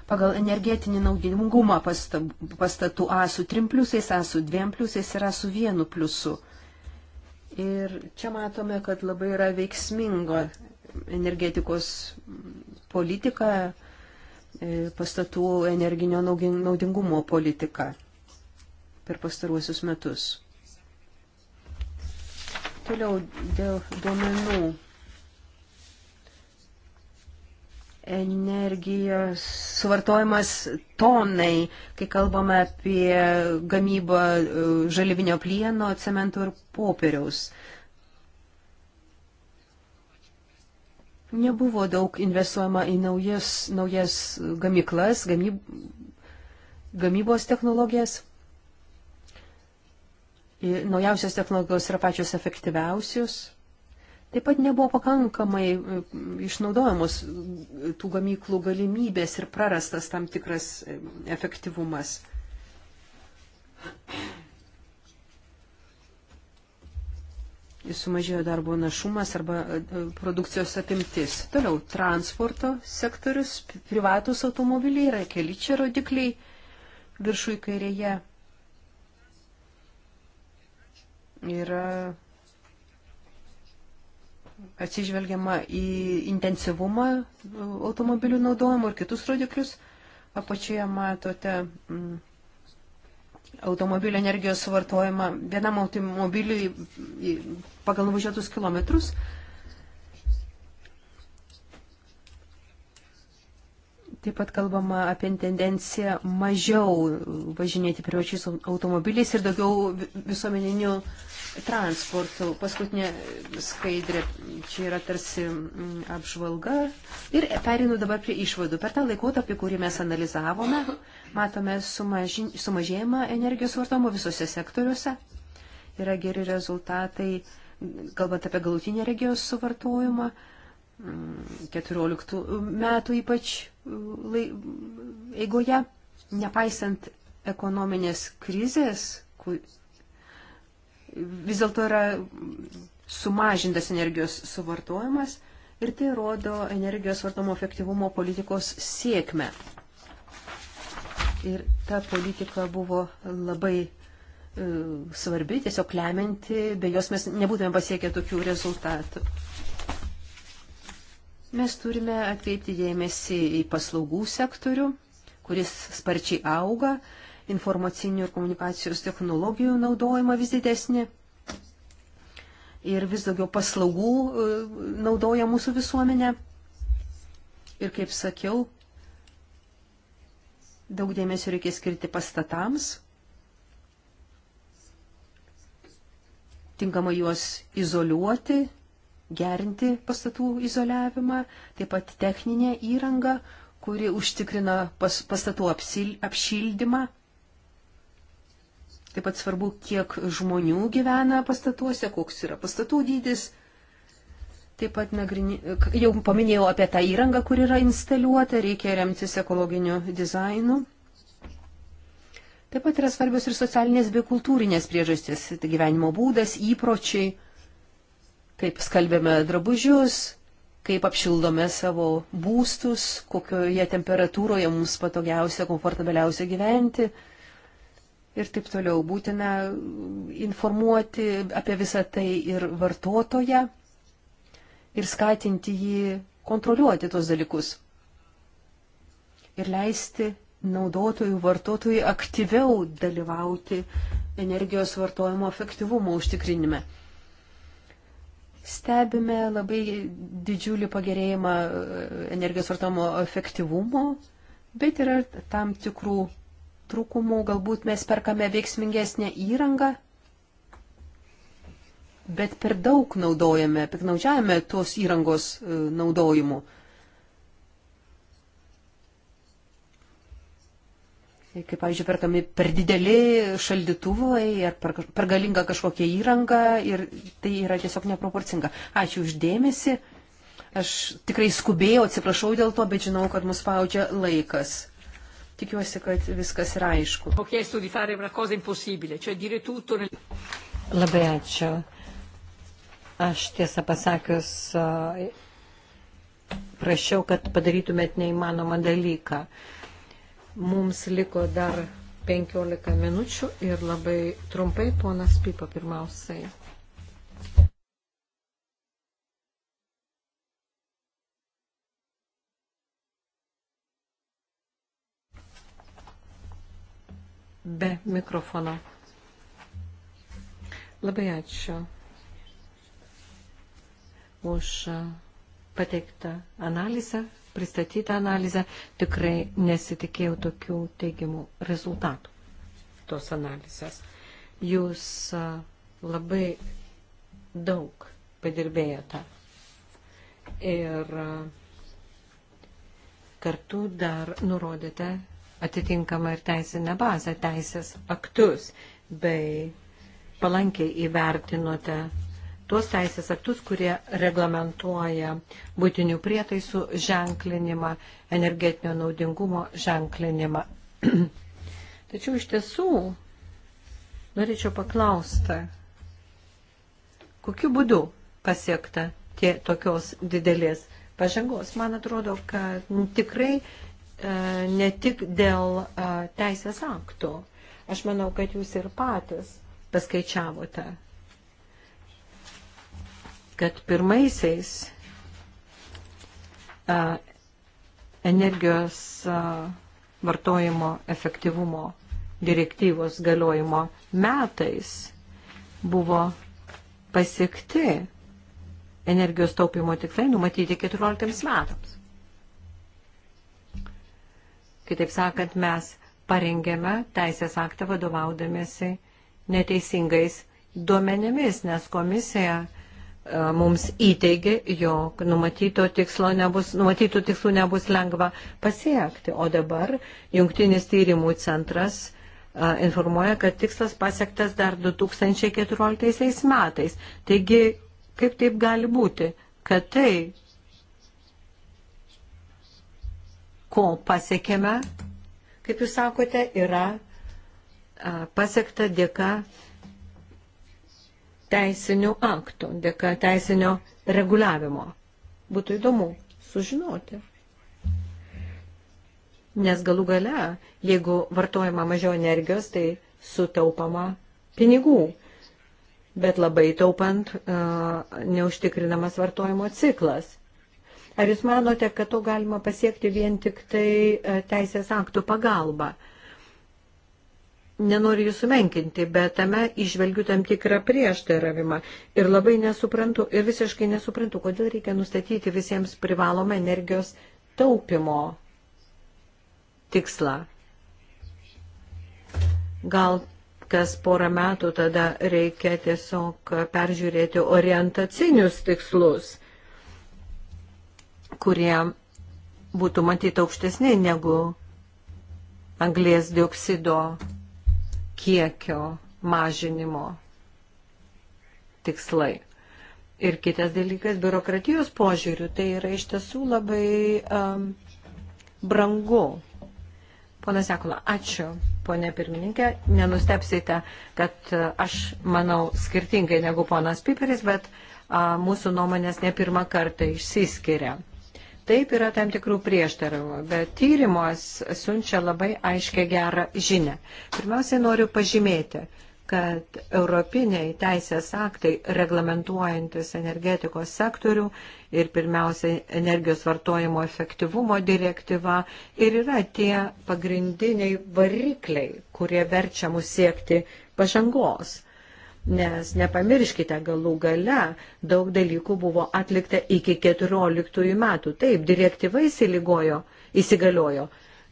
Speaker 2: pagal energetinį naudingumą pastatų A su trim pliusais, A su dviem pliusais ir A su vienu pliusu. Ir čia matome, kad labai yra veiksmingo energetikos politika, e, pastatų energinio naudingumo politika per pastaruosius metus. Toliau dėl duomenų energijos suvartojimas tonai, kai kalbame apie gamybą e, žalivinio plieno, cemento ir popieriaus. Nebuvo daug investuojama į naujas, naujas gamyklas, gamyb, gamybos technologijas naujausios technologijos yra pačios efektyviausios. Taip pat nebuvo pakankamai e, išnaudojamos tų gamyklų galimybės ir prarastas tam tikras e, efektyvumas. Sumažėjo darbo našumas arba e, produkcijos apimtis. Toliau, transporto sektorius, privatus automobiliai yra keli čia rodikliai viršų į kairėje yra atsižvelgiama į intensyvumą automobilių naudojimo ir kitus rodiklius. Apačioje matote mm, automobilio energijos suvartojimą vienam automobiliui pagal nuvažiuotus kilometrus. Taip pat kalbama apie tendenciją mažiau važinėti privačiais automobiliais ir daugiau visuomeninių uh, transportu. Paskutinė skaidrė, čia yra tarsi mm, apžvalga. Ir perinu dabar prie išvadų. Per tą laikotarpį, kurį mes analizavome, matome sumaži, sumažėjimą energijos vartojimo visose sektoriuose. Yra geri rezultatai, kalbant apie galutinį energijos suvartojimą. 14 mm, metų ypač mm, lai, eigoje, nepaisant ekonominės krizės, kur, vis dėlto yra sumažintas energijos suvartojimas ir tai rodo energijos vartomo efektyvumo politikos sėkmę. Ir ta politika buvo labai e, svarbi, tiesiog leminti, be jos mes nebūtume pasiekę tokių rezultatų. Mes turime atkreipti dėmesį į paslaugų sektorių, kuris sparčiai auga informacinių ir komunikacijos technologijų naudojimą vis didesnį ir vis daugiau paslaugų e, naudoja mūsų visuomenė. Ir kaip sakiau, daug dėmesio reikia skirti pastatams, tinkamai juos izoliuoti, gerinti pastatų izoliavimą, taip pat techninė įranga, kuri užtikrina pas, pastatų apsil, apšildymą Taip pat svarbu, kiek žmonių gyvena pastatuose, koks yra pastatų dydis. Taip pat nagrinė, jau paminėjau apie tą įrangą, kur yra instaliuota, reikia remtis ekologiniu dizainu. Taip pat yra svarbios ir socialinės bei kultūrinės priežastys, tai gyvenimo būdas, įpročiai, kaip skalbėme drabužius, kaip apšildome savo būstus, kokioje temperatūroje mums patogiausia, komfortabiliausia gyventi ir taip toliau. Būtina informuoti apie visą tai ir vartotoją ir skatinti jį kontroliuoti tos dalykus. Ir leisti naudotojų, vartotojų aktyviau dalyvauti energijos vartojimo efektyvumo užtikrinime. Stebime labai didžiulį pagerėjimą e, energijos vartojimo efektyvumo, bet yra tam tikrų trūkumų, galbūt mes perkame veiksmingesnę įrangą, bet per daug naudojame, piknaudžiavame tos įrangos e, naudojimu. Kaip, pavyzdžiui, perkami per dideli šaldytuvai ar per, per galingą kažkokią įrangą ir tai yra tiesiog neproporcinga. Ačiū uždėmesi. Aš tikrai skubėjau, atsiprašau dėl to, bet žinau, kad mus spaudžia laikas. Tikiuosi, kad viskas yra aišku.
Speaker 1: Labai ačiū. Aš tiesą pasakius prašiau, kad padarytumėt neįmanomą dalyką. Mums liko dar 15 minučių ir labai trumpai ponas Pipa pirmiausiai. be mikrofono. Labai ačiū už pateiktą analizę, pristatytą analizę. Tikrai nesitikėjau tokių teigiamų rezultatų tos analizės. Jūs labai daug padirbėjote. Ir kartu dar nurodėte atitinkamą ir teisinę bazę, teisės aktus, bei palankiai įvertinote tuos teisės aktus, kurie reglamentuoja būtinių prietaisų ženklinimą, energetinio naudingumo ženklinimą. Tačiau iš tiesų norėčiau paklausti, kokiu būdu pasiekta tie tokios didelės pažangos. Man atrodo, kad tikrai E, ne tik dėl e, teisės aktų. Aš manau, kad jūs ir patys paskaičiavote, kad pirmaisiais e, energijos vartojimo efektyvumo direktyvos galiojimo metais buvo pasiekti energijos taupimo tikslai numatyti 14 metams. Kitaip sakant, mes parengėme teisės aktą vadovaudamėsi neteisingais duomenėmis, nes komisija e, mums įteigė, jog numatyto tikslo nebus, numatytų tikslų nebus lengva pasiekti. O dabar jungtinis tyrimų centras e, informuoja, kad tikslas pasiektas dar 2014 metais. Taigi, kaip taip gali būti, kad tai, ko pasiekėme, kaip jūs sakote, yra pasiekta dėka teisinių aktų, dėka teisinio reguliavimo. Būtų įdomu sužinoti. Nes galų gale, jeigu vartojama mažiau energijos, tai sutaupama pinigų. Bet labai taupant neužtikrinamas vartojimo ciklas. Ar jūs manote, kad to galima pasiekti vien tik tai e, teisės aktų pagalba? nenoriu jūsų menkinti, bet tame išvelgiu tam tikrą prieštaravimą. Ir labai nesuprantu, ir visiškai nesuprantu, kodėl reikia nustatyti visiems privalomą energijos taupimo tikslą. Gal kas porą metų tada reikia tiesiog peržiūrėti orientacinius tikslus kurie būtų matyti aukštesni negu anglės dioksido kiekio mažinimo tikslai. Ir kitas dalykas, biurokratijos požiūrių, tai yra iš tiesų labai um, brangu. Pana Sekula, ačiū, ponė pirmininkė. Nenustepsite, kad uh, aš manau skirtingai negu ponas Piperis, bet a, uh, mūsų nuomonės ne pirmą kartą išsiskiria. Taip yra tam tikrų prieštaravimų, bet tyrimas siunčia labai aiškę gerą žinę. Pirmiausiai noriu pažymėti, kad europiniai teisės aktai reglamentuojantis energetikos sektorių ir pirmiausia energijos vartojimo efektyvumo direktyva ir yra tie pagrindiniai varikliai, kurie verčia mus siekti pažangos nes nepamirškite galų gale, daug dalykų buvo atlikta iki 14 metų. Taip, direktyva įsiligojo, įsigaliojo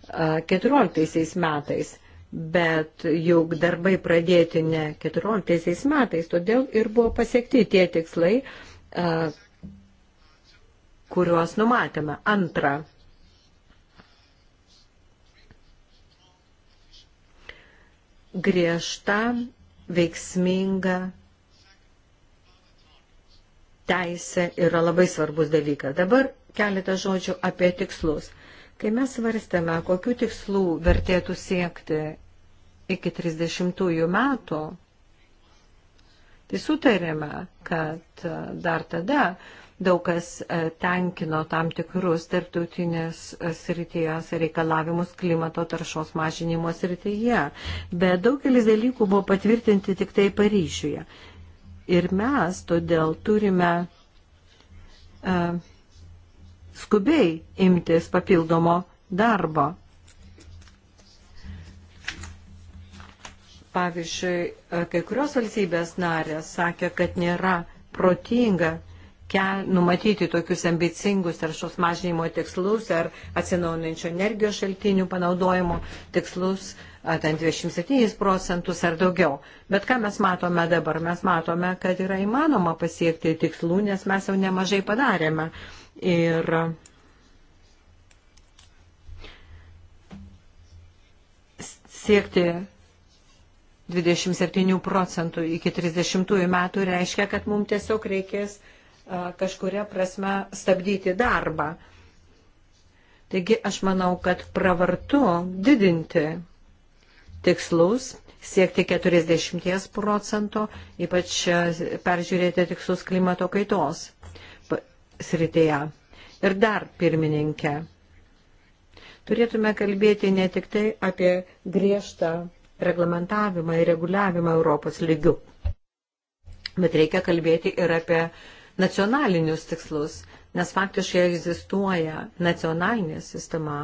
Speaker 1: 14 metais, bet juk darbai pradėti ne 14 metais, todėl ir buvo pasiekti tie tikslai, kuriuos numatėme. Antra. Griežta veiksminga teisė yra labai svarbus dalykas. Dabar keletą žodžių apie tikslus. Kai mes svarstame, kokiu tikslu vertėtų siekti iki 30 metų, tai sutarėme, kad dar tada daug kas e, tenkino tam tikrus tarptautinės e, srityjas reikalavimus klimato taršos mažinimo srityje, bet daugelis dalykų buvo patvirtinti tik tai Paryžiuje. Ir mes todėl turime uh, skubiai imtis papildomo darbo. Pavyzdžiui, kai kurios valstybės narės sakė, kad nėra protinga uh, kel, numatyti tokius ambicingus taršos mažinimo tikslus ar atsinaujinančio energijos šaltinių panaudojimo tikslus, ten 27 procentus ar daugiau. Bet ką mes matome dabar? Mes matome, kad yra įmanoma pasiekti tikslų, nes mes jau nemažai padarėme. Ir siekti 27 procentų iki 30 metų reiškia, kad mums tiesiog reikės kažkuria prasme stabdyti darbą. Taigi aš manau, kad pravartu didinti tikslus, siekti 40 procento, ypač peržiūrėti tikslus klimato kaitos srityje. Ir dar, pirmininkė, turėtume kalbėti ne tik tai apie griežtą reglamentavimą ir reguliavimą Europos lygių, bet reikia kalbėti ir apie uh, nacionalinius tikslus, nes faktiškai egzistuoja nacionalinė sistema.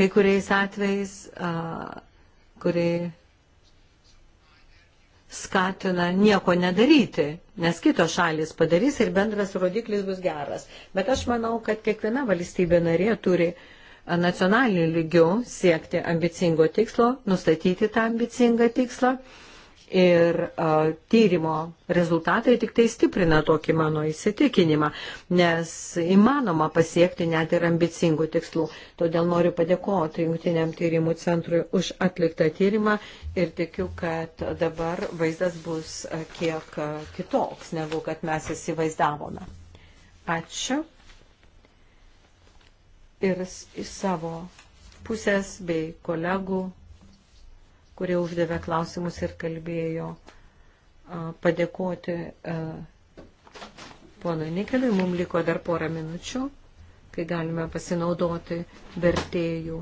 Speaker 1: Kai kuriais atvejais, kuri skatina nieko nedaryti, nes kitos šalis padarys ir bendras rodiklis bus geras. Bet aš manau, kad kiekviena valstybė narė turi nacionaliniu lygiu siekti ambicingo tikslo, nustatyti tą ambicingą tikslą Ir a, tyrimo rezultatai tik tai stiprina tokį mano įsitikinimą, nes įmanoma pasiekti net ir ambicingų tikslų. Todėl noriu padėkoti Junktiniam tyrimų centrui už atliktą tyrimą ir tikiu, kad dabar vaizdas bus kiek kitoks, negu kad mes įsivaizdavome. Ačiū. Ir į savo pusės bei kolegų kurie uždavė klausimus ir kalbėjo padėkoti ponui Nikeliui. Mums liko dar porą minučių, kai galime pasinaudoti vertėjų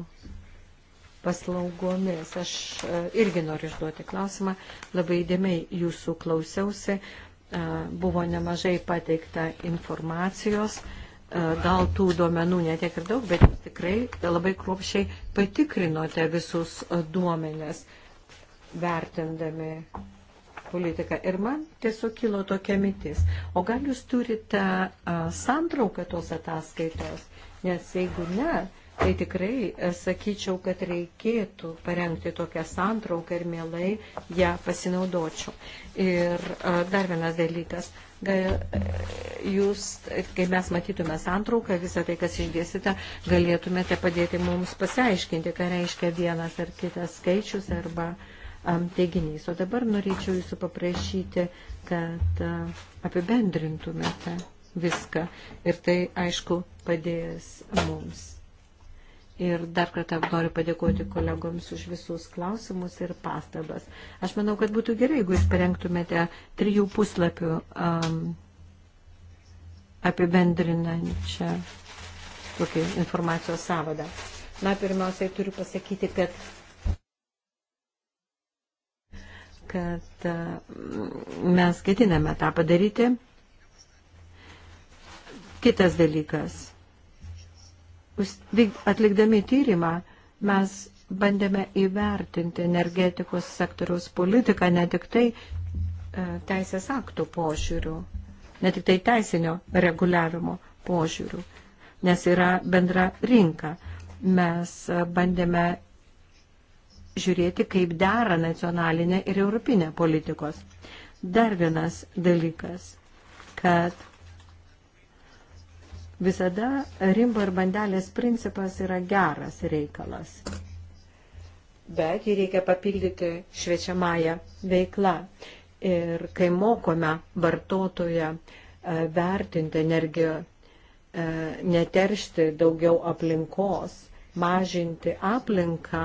Speaker 1: paslaugomis. Aš irgi noriu išduoti klausimą. Labai įdėmiai jūsų klausiausi. Buvo nemažai pateikta informacijos. Gal tų duomenų netiek ir daug, bet tikrai labai kruopšiai patikrinote visus duomenės vertindami politiką. Ir man tiesiog kilo tokia mitis. O gal jūs turite santrauką tos ataskaitos? Nes jeigu ne, tai tikrai sakyčiau, kad reikėtų parengti tokią santrauką ir mielai ją pasinaudočiau. Ir dar vienas dalykas. Gal, jūs, kai mes matytume santrauką, visą tai, kas išdėsite, galėtumėte padėti mums pasiaiškinti, ką reiškia vienas ar kitas skaičius arba uh, teiginiais. O dabar norėčiau jūsų paprašyti, kad apibendrintumėte viską ir tai, aišku, padės mums. Ir dar kartą noriu padėkoti kolegoms už visus klausimus ir pastabas. Aš manau, kad būtų gerai, jeigu jūs parengtumėte trijų puslapių um, apibendrinančią tokį informacijos savadą. Na, pirmiausiai turiu pasakyti, kad kad e, mes ketiname tą padaryti. Kitas dalykas. Atlikdami tyrimą mes bandėme įvertinti energetikos sektoriaus politiką ne tik tai e, teisės aktų požiūrių, ne tik tai teisinio reguliavimo požiūrių, nes yra bendra rinka. Mes e, bandėme žiūrėti, kaip dera nacionalinė ir europinė politikos. Dar vienas dalykas, kad visada rimbo ir bandelės principas yra geras reikalas, bet jį reikia papildyti šviečiamąją veiklą. Ir kai mokome vartotoje vertinti energiją, e, neteršti daugiau aplinkos, mažinti aplinką,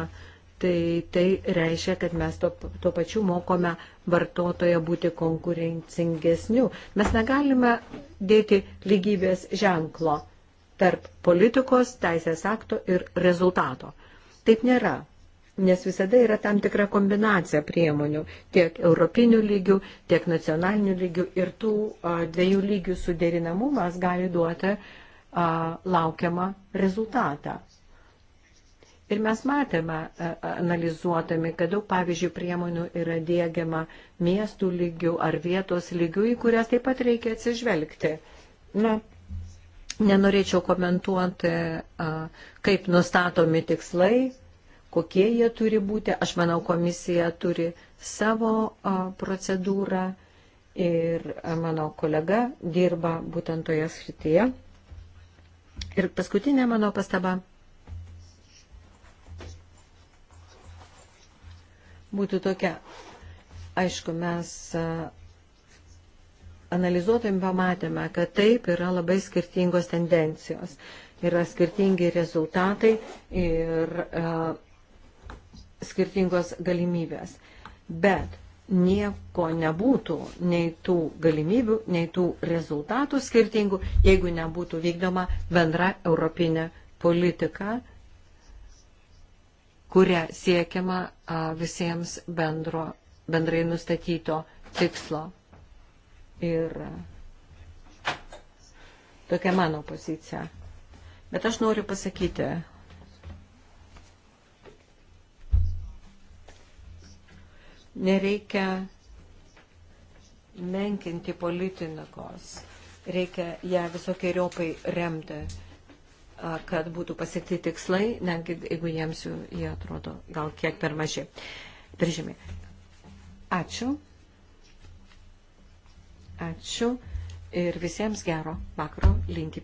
Speaker 1: tai tai reiškia, kad mes to, to pačiu mokome vartotoje būti konkurencingesniu. Mes negalime dėti lygybės ženklo tarp politikos, teisės akto ir rezultato. Taip nėra, nes visada yra tam tikra kombinacija priemonių tiek europinių lygių, tiek nacionalinių lygių ir tų a, dviejų lygių suderinamumas gali duoti a, laukiamą rezultatą. Ir mes matėme, analizuodami, kad daug, pavyzdžiui, priemonių yra dėgiama miestų lygių ar vietos lygių, į kurias taip pat reikia atsižvelgti. Na, nenorėčiau komentuoti, kaip nustatomi tikslai, kokie jie turi būti. Aš manau, komisija turi savo procedūrą ir mano kolega dirba būtent toje srityje. Ir paskutinė mano pastaba būtų tokia. Aišku, mes analizuotojim pamatėme, kad taip yra labai skirtingos tendencijos, yra skirtingi rezultatai ir uh, skirtingos galimybės. Bet nieko nebūtų, nei tų galimybių, nei tų rezultatų skirtingų, jeigu nebūtų vykdoma bendra europinė politika kuria siekiama visiems bendro, bendrai nustatyto tikslo. Ir tokia mano pozicija. Bet aš noriu pasakyti, nereikia menkinti politikos, reikia ją visokiojopai remti kad būtų pasiekti tikslai, netgi jeigu jiems jie atrodo gal kiek per maži. Per žymiai. Ačiū. Ačiū ir visiems gero vakaro linkim.